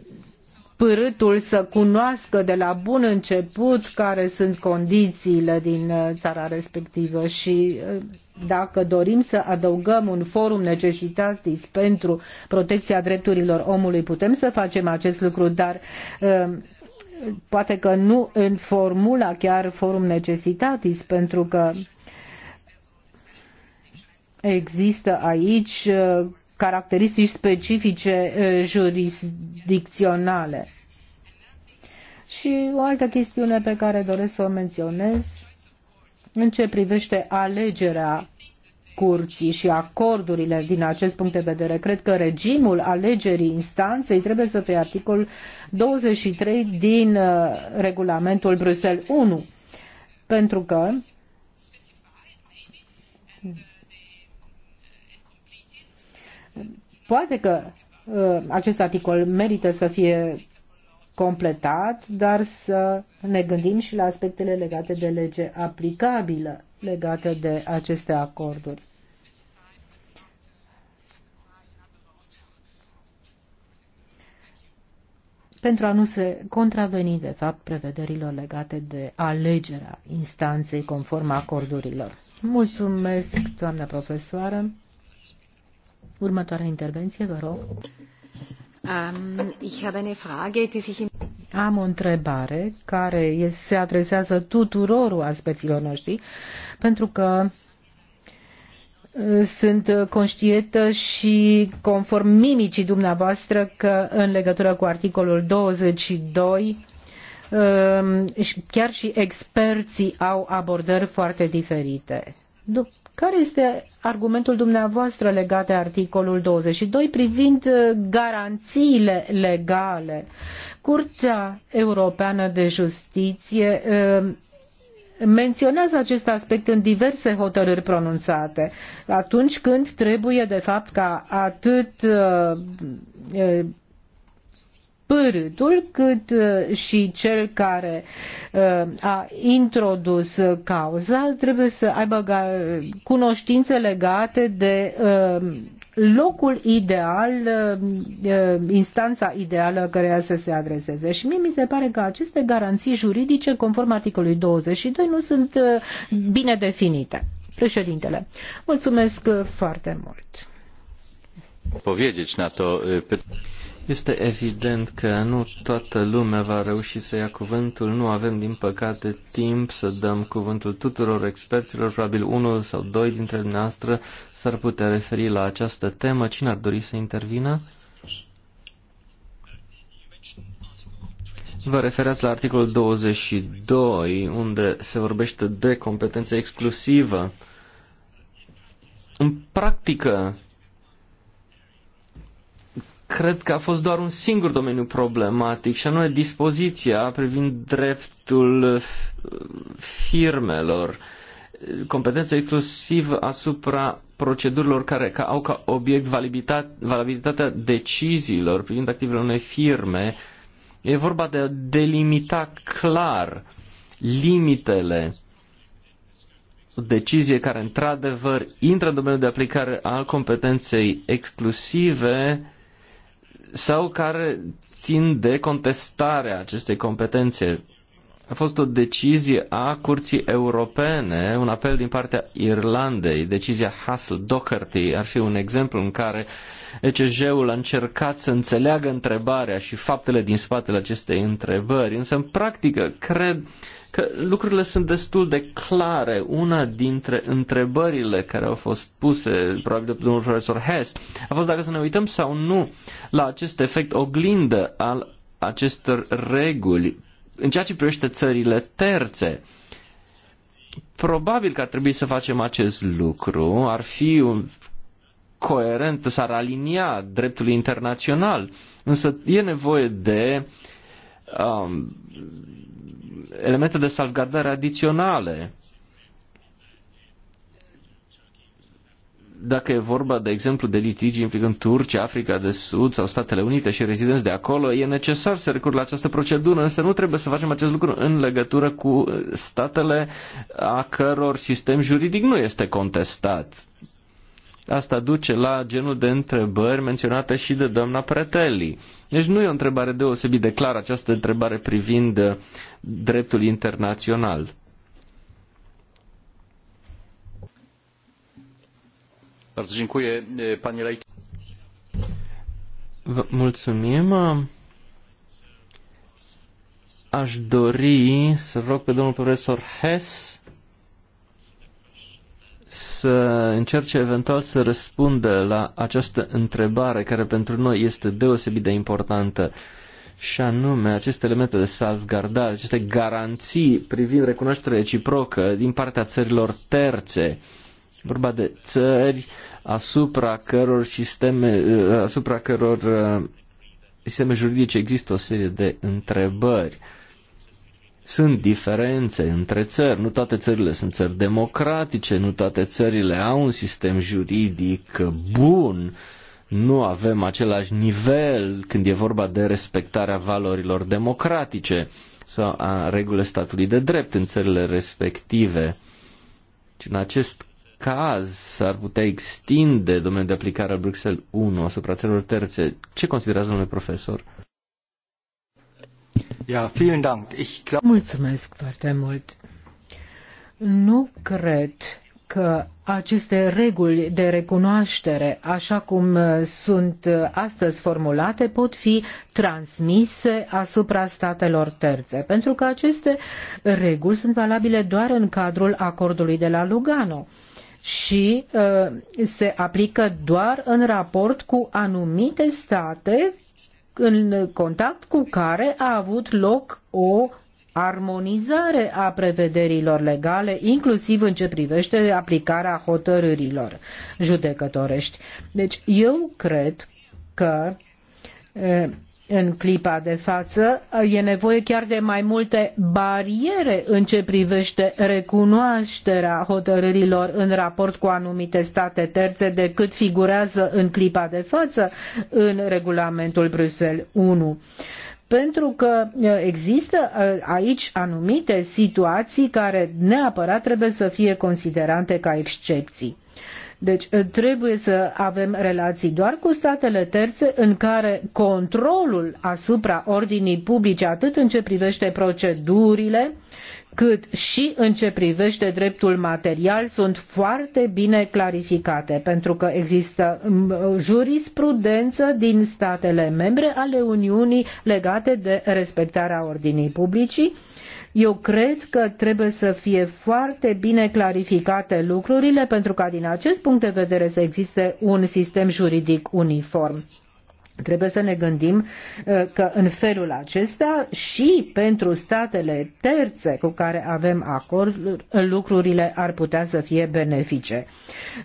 pârâtul să cunoască de la bun început care sunt condițiile din uh, țara respectivă și uh, dacă dorim să adăugăm un forum necesitatis pentru protecția drepturilor omului, putem să facem acest lucru, dar uh, poate că nu în formula chiar forum necesitatis, pentru că există aici caracteristici specifice jurisdicționale. Și o altă chestiune pe care doresc să o menționez în ce privește alegerea curții și acordurile din acest punct de vedere. Cred că regimul alegerii instanței trebuie să fie articolul 23 din regulamentul Bruxelles 1, pentru că Poate că uh, acest articol merită să fie completat, dar să ne gândim și la aspectele legate de lege aplicabilă legate de aceste acorduri. pentru a nu se contraveni, de fapt, prevederilor legate de alegerea instanței conform acordurilor. Mulțumesc, doamna profesoară. Următoarea intervenție, vă rog. am o întrebare care se adresează tuturor aspeților noștri, pentru că uh, sunt conștientă și conform mimicii dumneavoastră că în legătură cu articolul 22 uh, chiar și experții au abordări foarte diferite. Care este argumentul dumneavoastră legat de articolul 22 privind uh, garanțiile legale? Curtea Europeană de Justiție uh, menționează acest aspect în diverse hotărâri pronunțate, atunci când trebuie, de fapt, ca atât uh, pârâtul, cât uh, și cel care uh, a introdus cauza trebuie să aibă cunoștințe legate de uh, locul ideal, instanța ideală care să se adreseze. Și mie mi se pare că aceste garanții juridice, conform articolului 22, nu sunt bine definite. Președintele, mulțumesc foarte mult. Powiedzieć na to pytanie. Este evident că nu toată lumea va reuși să ia cuvântul. Nu avem, din păcate, timp să dăm cuvântul tuturor experților. Probabil unul sau doi dintre dumneavoastră s-ar putea referi la această temă. Cine ar dori să intervină? Vă referați la articolul 22, unde se vorbește de competență exclusivă. În practică, cred că a fost doar un singur domeniu problematic, și anume dispoziția privind dreptul uh, firmelor, competența exclusivă asupra procedurilor care ca, au ca obiect valabilitatea deciziilor privind activele unei firme. E vorba de a delimita clar limitele decizie care într-adevăr intră în domeniul de aplicare al competenței exclusive sau care țin de contestarea acestei competențe. A fost o decizie a Curții Europene, un apel din partea Irlandei, decizia Hassel-Doherty ar fi un exemplu în care ECJ-ul a încercat să înțeleagă întrebarea și faptele din spatele acestei întrebări, însă în practică cred că lucrurile sunt destul de clare. Una dintre întrebările care au fost puse, probabil de domnul profesor Hess, a fost dacă să ne uităm sau nu la acest efect oglindă al acestor reguli în ceea ce privește țările terțe. Probabil că ar trebui să facem acest lucru, ar fi coerent, s-ar alinia dreptul internațional, însă e nevoie de um, elemente de salvgardare adiționale. Dacă e vorba, de exemplu, de litigi implicând Turcia, Africa de Sud sau Statele Unite și rezidenți de acolo, e necesar să recurg la această procedură, însă nu trebuie să facem acest lucru în legătură cu statele a căror sistem juridic nu este contestat Asta duce la genul de întrebări menționate și de doamna Pretelli. Deci nu e o întrebare deosebit de clară această întrebare privind uh, dreptul internațional. Vă mulțumim. Aș dori să rog pe domnul profesor Hess să încerce eventual să răspundă la această întrebare care pentru noi este deosebit de importantă și anume aceste elemente de salvgardare, aceste garanții privind recunoașterea reciprocă din partea țărilor terțe, vorba de țări asupra căror sisteme, asupra căror uh, sisteme juridice există o serie de întrebări. Uh, sunt diferențe între țări, nu toate țările sunt țări democratice, nu toate țările au un sistem juridic bun, nu avem același nivel când e vorba de respectarea valorilor democratice sau a regulilor statului de drept în țările respective. Și în acest caz s-ar putea extinde domeniul de aplicare al Bruxelles 1 asupra țărilor terțe. Ce considerați, domnule profesor? Mulțumesc foarte mult. Nu cred că aceste reguli de recunoaștere, așa cum uh, sunt uh, astăzi formulate, pot fi transmise asupra statelor terțe, pentru că aceste reguli sunt valabile doar în cadrul acordului de la Lugano și uh, se aplică doar în raport cu anumite state în contact cu care a avut loc o armonizare a prevederilor legale, inclusiv în ce privește aplicarea hotărârilor judecătorești. Deci eu cred că eh, în clipa de față. E nevoie chiar de mai multe bariere în ce privește recunoașterea hotărârilor în raport cu anumite state terțe decât figurează în clipa de față în regulamentul Bruxelles 1 pentru că există aici anumite situații care neapărat trebuie să fie considerate ca excepții. Deci eh, trebuie să avem relații doar cu statele terțe în care controlul asupra ordinii publice, atât în ce privește procedurile, cât și în ce privește dreptul material sunt foarte bine clarificate, pentru că există mm, jurisprudență din statele membre ale Uniunii legate de respectarea ordinii publicii eu cred că trebuie să fie foarte bine clarificate lucrurile pentru ca din acest punct de vedere să existe un sistem juridic uniform. Trebuie să ne gândim uh, că în felul acesta și pentru statele terțe cu care avem acord, uh, lucrurile ar putea să fie benefice.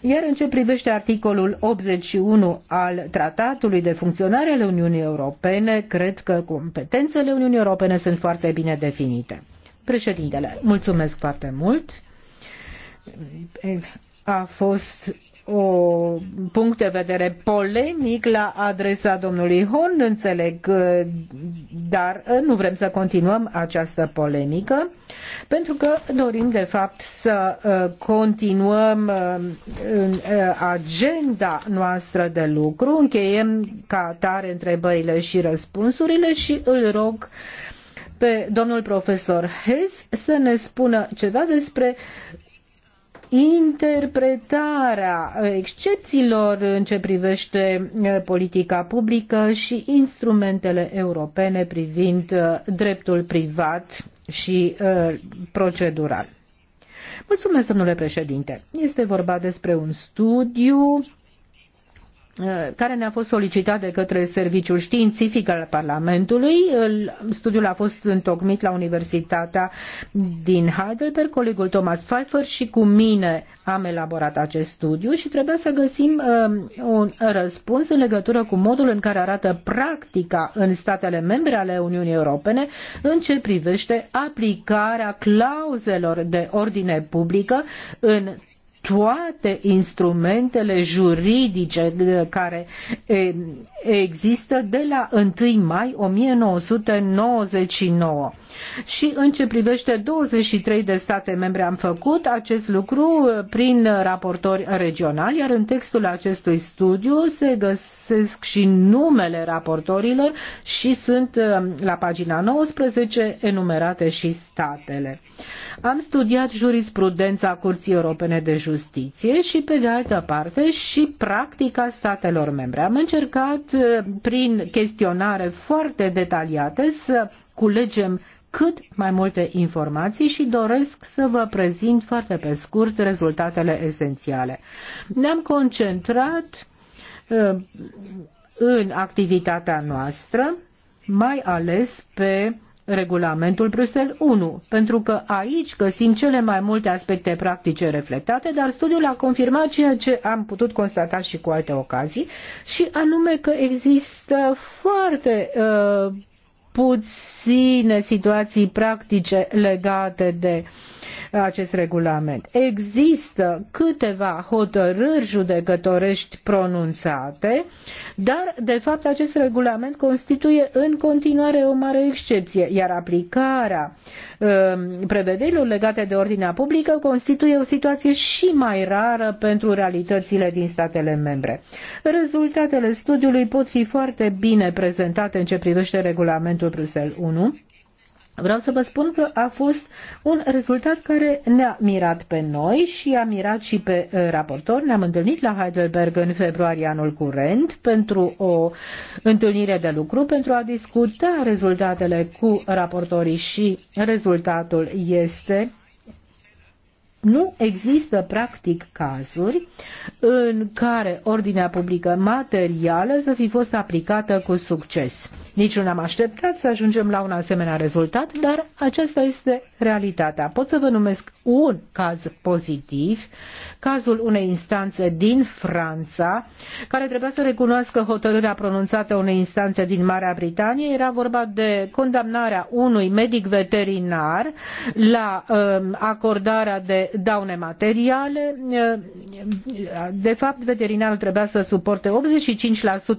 Iar în ce privește articolul 81 al Tratatului de Funcționare ale Uniunii Europene, cred că competențele Uniunii Europene sunt foarte bine definite. Președintele, mulțumesc foarte mult. A fost o punct de vedere polemic la adresa domnului Hon, înțeleg, dar nu vrem să continuăm această polemică, pentru că dorim, de fapt, să uh, continuăm uh, uh, agenda noastră de lucru, încheiem ca atare întrebările și răspunsurile și îl rog pe domnul profesor Hess să ne spună ceva despre interpretarea excepțiilor în ce privește politica publică și instrumentele europene privind dreptul privat și procedural. Mulțumesc, domnule președinte. Este vorba despre un studiu Uh, care ne-a fost solicitat de către Serviciul Științific al Parlamentului. Studiul a fost întocmit la Universitatea din Heidelberg. Colegul Thomas Pfeiffer și cu mine am elaborat acest studiu și trebuia să găsim uh, un răspuns în legătură cu modul în care arată practica în statele membre ale Uniunii Europene în ce privește aplicarea clauzelor de ordine publică în toate instrumentele juridice eh, care eh, există de la 1 mai 1999. Și în ce privește 23 de state membre am făcut acest lucru eh, prin raportori regionali, iar în textul acestui studiu se găsesc și numele raportorilor și sunt la pagina 19 enumerate și statele. Am studiat jurisprudența Curții Europene de Justiție justiție și, pe de altă parte, și practica statelor membre. Am încercat, uh, prin chestionare foarte detaliate, să culegem cât mai multe informații și doresc să vă prezint foarte pe scurt rezultatele esențiale. Ne-am concentrat uh, în activitatea noastră mai ales pe regulamentul Brusel 1, pentru că aici găsim cele mai multe aspecte practice reflectate, dar studiul a confirmat ceea ce am putut constata și cu alte ocazii, și anume că există foarte uh, puține situații practice legate de uh, acest regulament. Există câteva hotărâri judecătorești pronunțate, dar de fapt acest regulament constituie în continuare o mare excepție, iar aplicarea um, prevederilor legate de ordinea publică constituie o situație și mai rară pentru realitățile din statele membre. Rezultatele studiului pot fi foarte bine prezentate în ce privește regulamentul Bruxelles 1 Vreau să vă spun că a fost un rezultat care ne-a mirat pe noi și a mirat și pe uh, raportor. Ne-am întâlnit la Heidelberg în februarie anul curent pentru o întâlnire de lucru, pentru a discuta rezultatele cu raportorii și rezultatul este nu există practic cazuri în care ordinea publică materială să fi fost aplicată cu succes. Nici nu am așteptat să ajungem la un asemenea rezultat, dar aceasta este realitatea. Pot să vă numesc un caz pozitiv, cazul unei instanțe din Franța, care trebuia să recunoască hotărârea pronunțată unei instanțe din Marea Britanie. Era vorba de condamnarea unui medic veterinar la um, acordarea de daune materiale. De fapt, veterinarul trebuia să suporte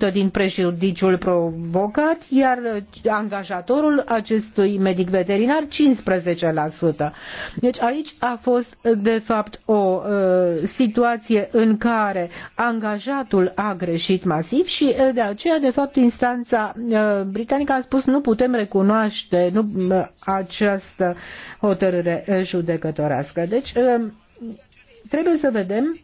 85% din prejudiciul provocat, iar angajatorul acestui medic veterinar 15%. Deci aici a fost, de fapt, o uh, situație în care angajatul a greșit masiv și uh, de aceea, de fapt, instanța uh, britanică a spus nu putem recunoaște nu, această hotărâre judecătorească. Deci Ehm, trebuie să vedem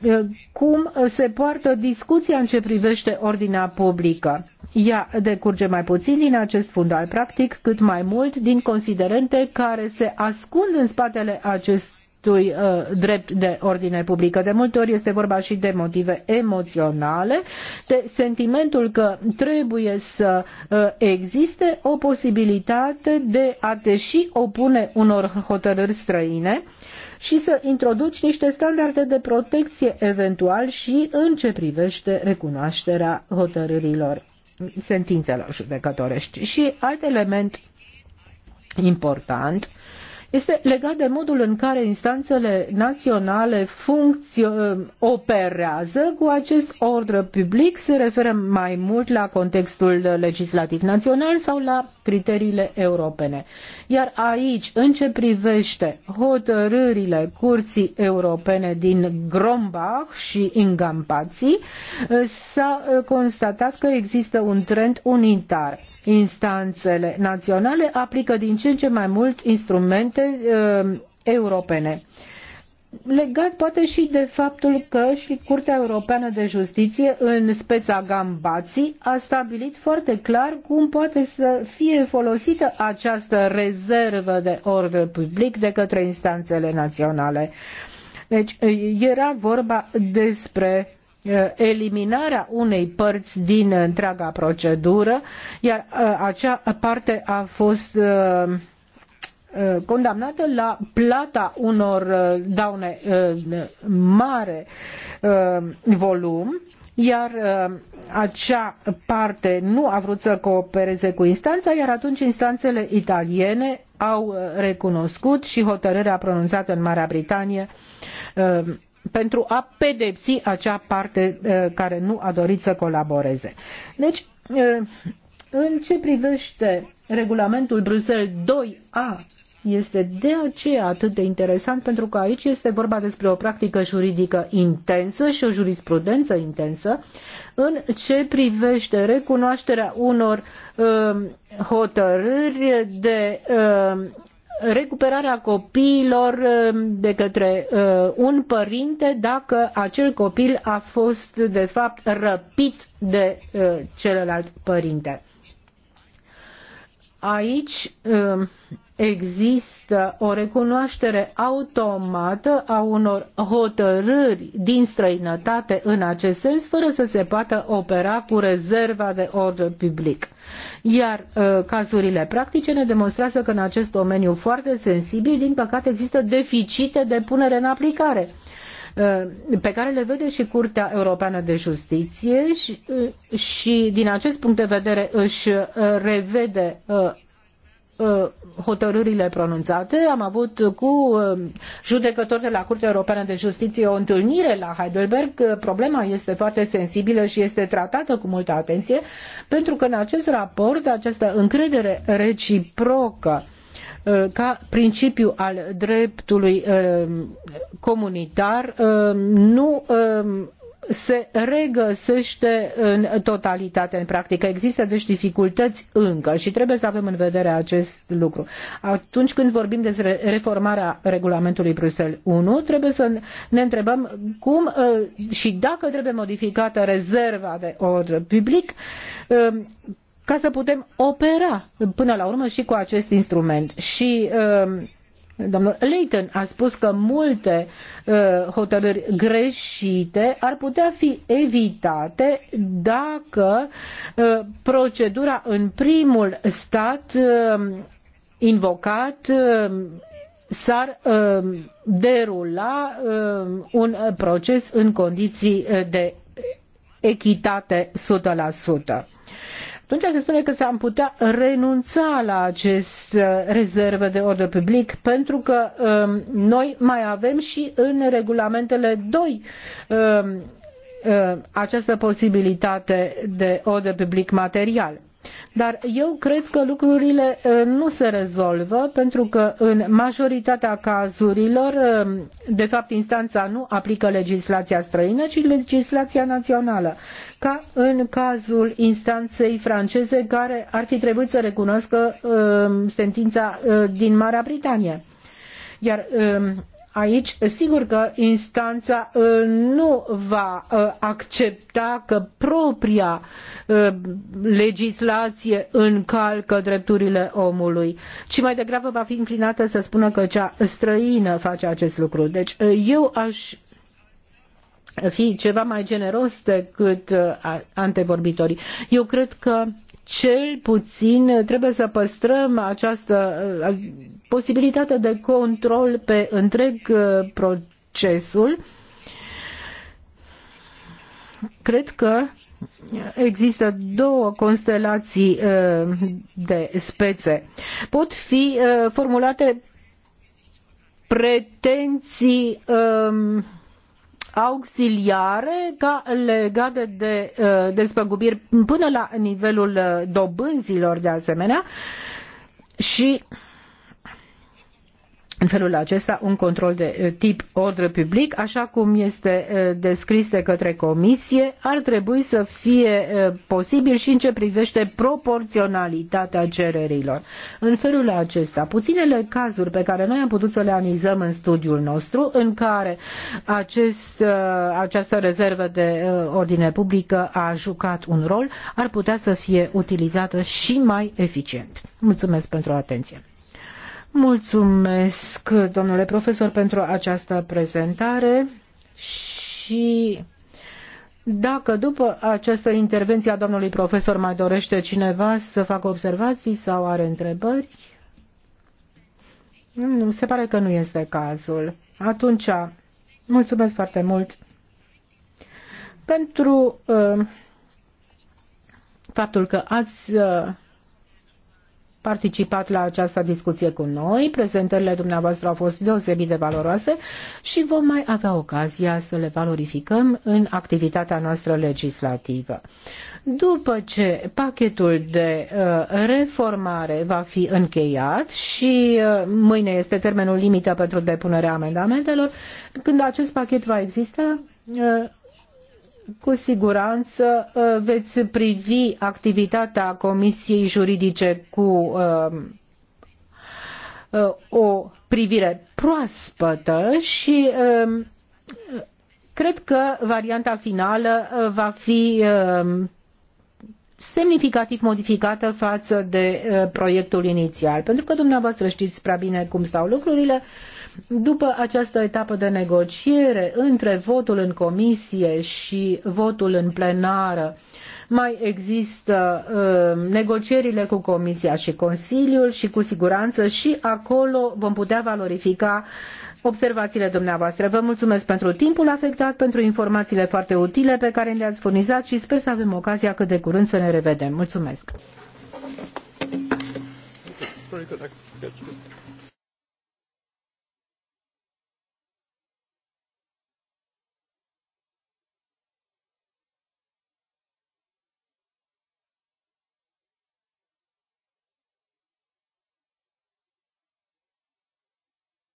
ehm, cum se poartă discuția în ce privește ordinea publică. Ea decurge mai puțin din acest fundal practic, cât mai mult din considerente care se ascund în spatele acest acestui uh, drept de ordine publică. De multe ori este vorba și de motive emoționale, de sentimentul că trebuie să uh, existe o posibilitate de a te și opune unor hotărâri străine și să introduci niște standarde de protecție eventual și în ce privește recunoașterea hotărârilor sentințelor judecătorești. Și alt element important este legat de modul în care instanțele naționale operează cu acest ordre public, se referă mai mult la contextul legislativ național sau la criteriile europene. Iar aici, în ce privește hotărârile Curții Europene din Grombach și Ingampații, s-a uh, constatat că există un trend unitar. Instanțele naționale aplică din ce în ce mai mult instrumente uh, europene legat poate și de faptul că și Curtea Europeană de Justiție în speța Gambații a stabilit foarte clar cum poate să fie folosită această rezervă de ordine public de către instanțele naționale. Deci uh, era vorba despre uh, eliminarea unei părți din întreaga procedură, iar uh, acea parte a fost Uh, condamnată la plata unor uh, daune uh, mare volum, iar acea parte nu a vrut să coopereze cu instanța, iar atunci instanțele italiene au recunoscut și hotărârea pronunțată în Marea Britanie pentru a pedepsi acea parte care nu a dorit să colaboreze. Deci, în ce privește regulamentul Bruxelles 2A este de aceea atât de interesant pentru că aici este vorba despre o practică juridică intensă și o jurisprudență intensă în ce privește recunoașterea unor uh, hotărâri de uh, recuperarea copiilor um, de către uh, un părinte dacă acel copil a fost de fapt răpit de uh, celălalt părinte. Aici um, există o recunoaștere automată a unor hotărâri din străinătate în acest sens, fără să se poată opera cu rezerva de ordin public. Iar uh, cazurile practice ne demonstrează că în acest domeniu foarte sensibil, din păcate, există deficite de punere în aplicare. Uh, pe care le vede și Curtea Europeană de Justiție și, uh, și din acest punct de vedere își uh, revede hotărârile pronunțate. Am avut cu judecători de la Curtea Europeană de Justiție o întâlnire la Heidelberg. Problema este foarte sensibilă și este tratată cu multă atenție, pentru că în acest raport această încredere reciprocă Uh, ca principiu al dreptului uh, comunitar uh, nu um, se regăsește în totalitate în practică. Există deci dificultăți încă și trebuie să avem în vedere acest lucru. Atunci când vorbim despre reformarea regulamentului Bruxelles 1, trebuie să ne întrebăm cum și dacă trebuie modificată rezerva de ordin public ca să putem opera până la urmă și cu acest instrument. Și um, Domnul Leighton a spus că multe uh, hotărâri greșite ar putea fi evitate dacă uh, procedura în primul stat um, invocat um, s-ar uh, derula uh, un proces în condiții uh, de echitate 100%. Atunci se spune că s-am putea renunța la acest uh, rezervă de ordine public pentru că um, noi mai avem și în regulamentele 2 um, uh, această posibilitate de ordine public material. Dar eu cred că lucrurile uh, nu se rezolvă pentru că în majoritatea cazurilor, uh, de fapt, instanța nu aplică legislația străină, ci legislația națională. Ca în cazul instanței franceze care ar fi trebuit să recunoască uh, sentința din Marea Britanie. Iar um, aici, sigur că instanța nu va accepta că propria Uh, legislație încalcă drepturile omului, ci mai degrabă va fi înclinată să spună că cea străină face acest lucru. Deci uh, eu aș fi ceva mai generos decât uh, antevorbitorii. Eu cred că cel puțin trebuie să păstrăm această posibilitate de control pe întreg procesul. Cred că există două constelații uh, de spețe. Pot fi uh, formulate pretenții um, auxiliare ca legate de uh, despăgubiri până la nivelul dobânzilor de asemenea și în felul acesta un control de eh, tip ordre public, așa cum este eh, descris de către comisie, ar trebui să fie eh, posibil și în ce privește proporționalitatea cererilor. În felul acesta, puținele cazuri pe care noi am putut să le analizăm în studiul nostru, în care acest, această rezervă de ordine publică a jucat un rol, ar putea să fie utilizată și mai eficient. Mulțumesc pentru atenție. Mulțumesc, domnule profesor, pentru această prezentare și dacă după această intervenție a domnului profesor mai dorește cineva să facă observații sau are întrebări, nu, se pare că nu este cazul. Atunci, mulțumesc foarte mult pentru uh, faptul că ați uh, participat la această discuție cu noi. Prezentările dumneavoastră au fost deosebit de valoroase și vom mai avea ocazia să le valorificăm în activitatea noastră legislativă. După ce pachetul de uh, reformare va fi încheiat și uh, mâine este termenul limită pentru depunerea amendamentelor, când acest pachet va exista, uh, cu siguranță uh, veți privi activitatea Comisiei Juridice cu um, uh, o privire proaspătă și um, cred că varianta finală uh, va fi um, semnificativ modificată față de proiectul inițial, pentru că dumneavoastră știți prea bine cum stau lucrurile. Uh, după această etapă de negociere între votul în comisie și votul în plenară, mai există uh, negocierile cu Comisia și Consiliul și cu siguranță și acolo vom putea valorifica observațiile dumneavoastră. Vă mulțumesc pentru timpul afectat, pentru informațiile foarte utile pe care le-ați furnizat și sper să avem ocazia cât de curând să ne revedem. Mulțumesc!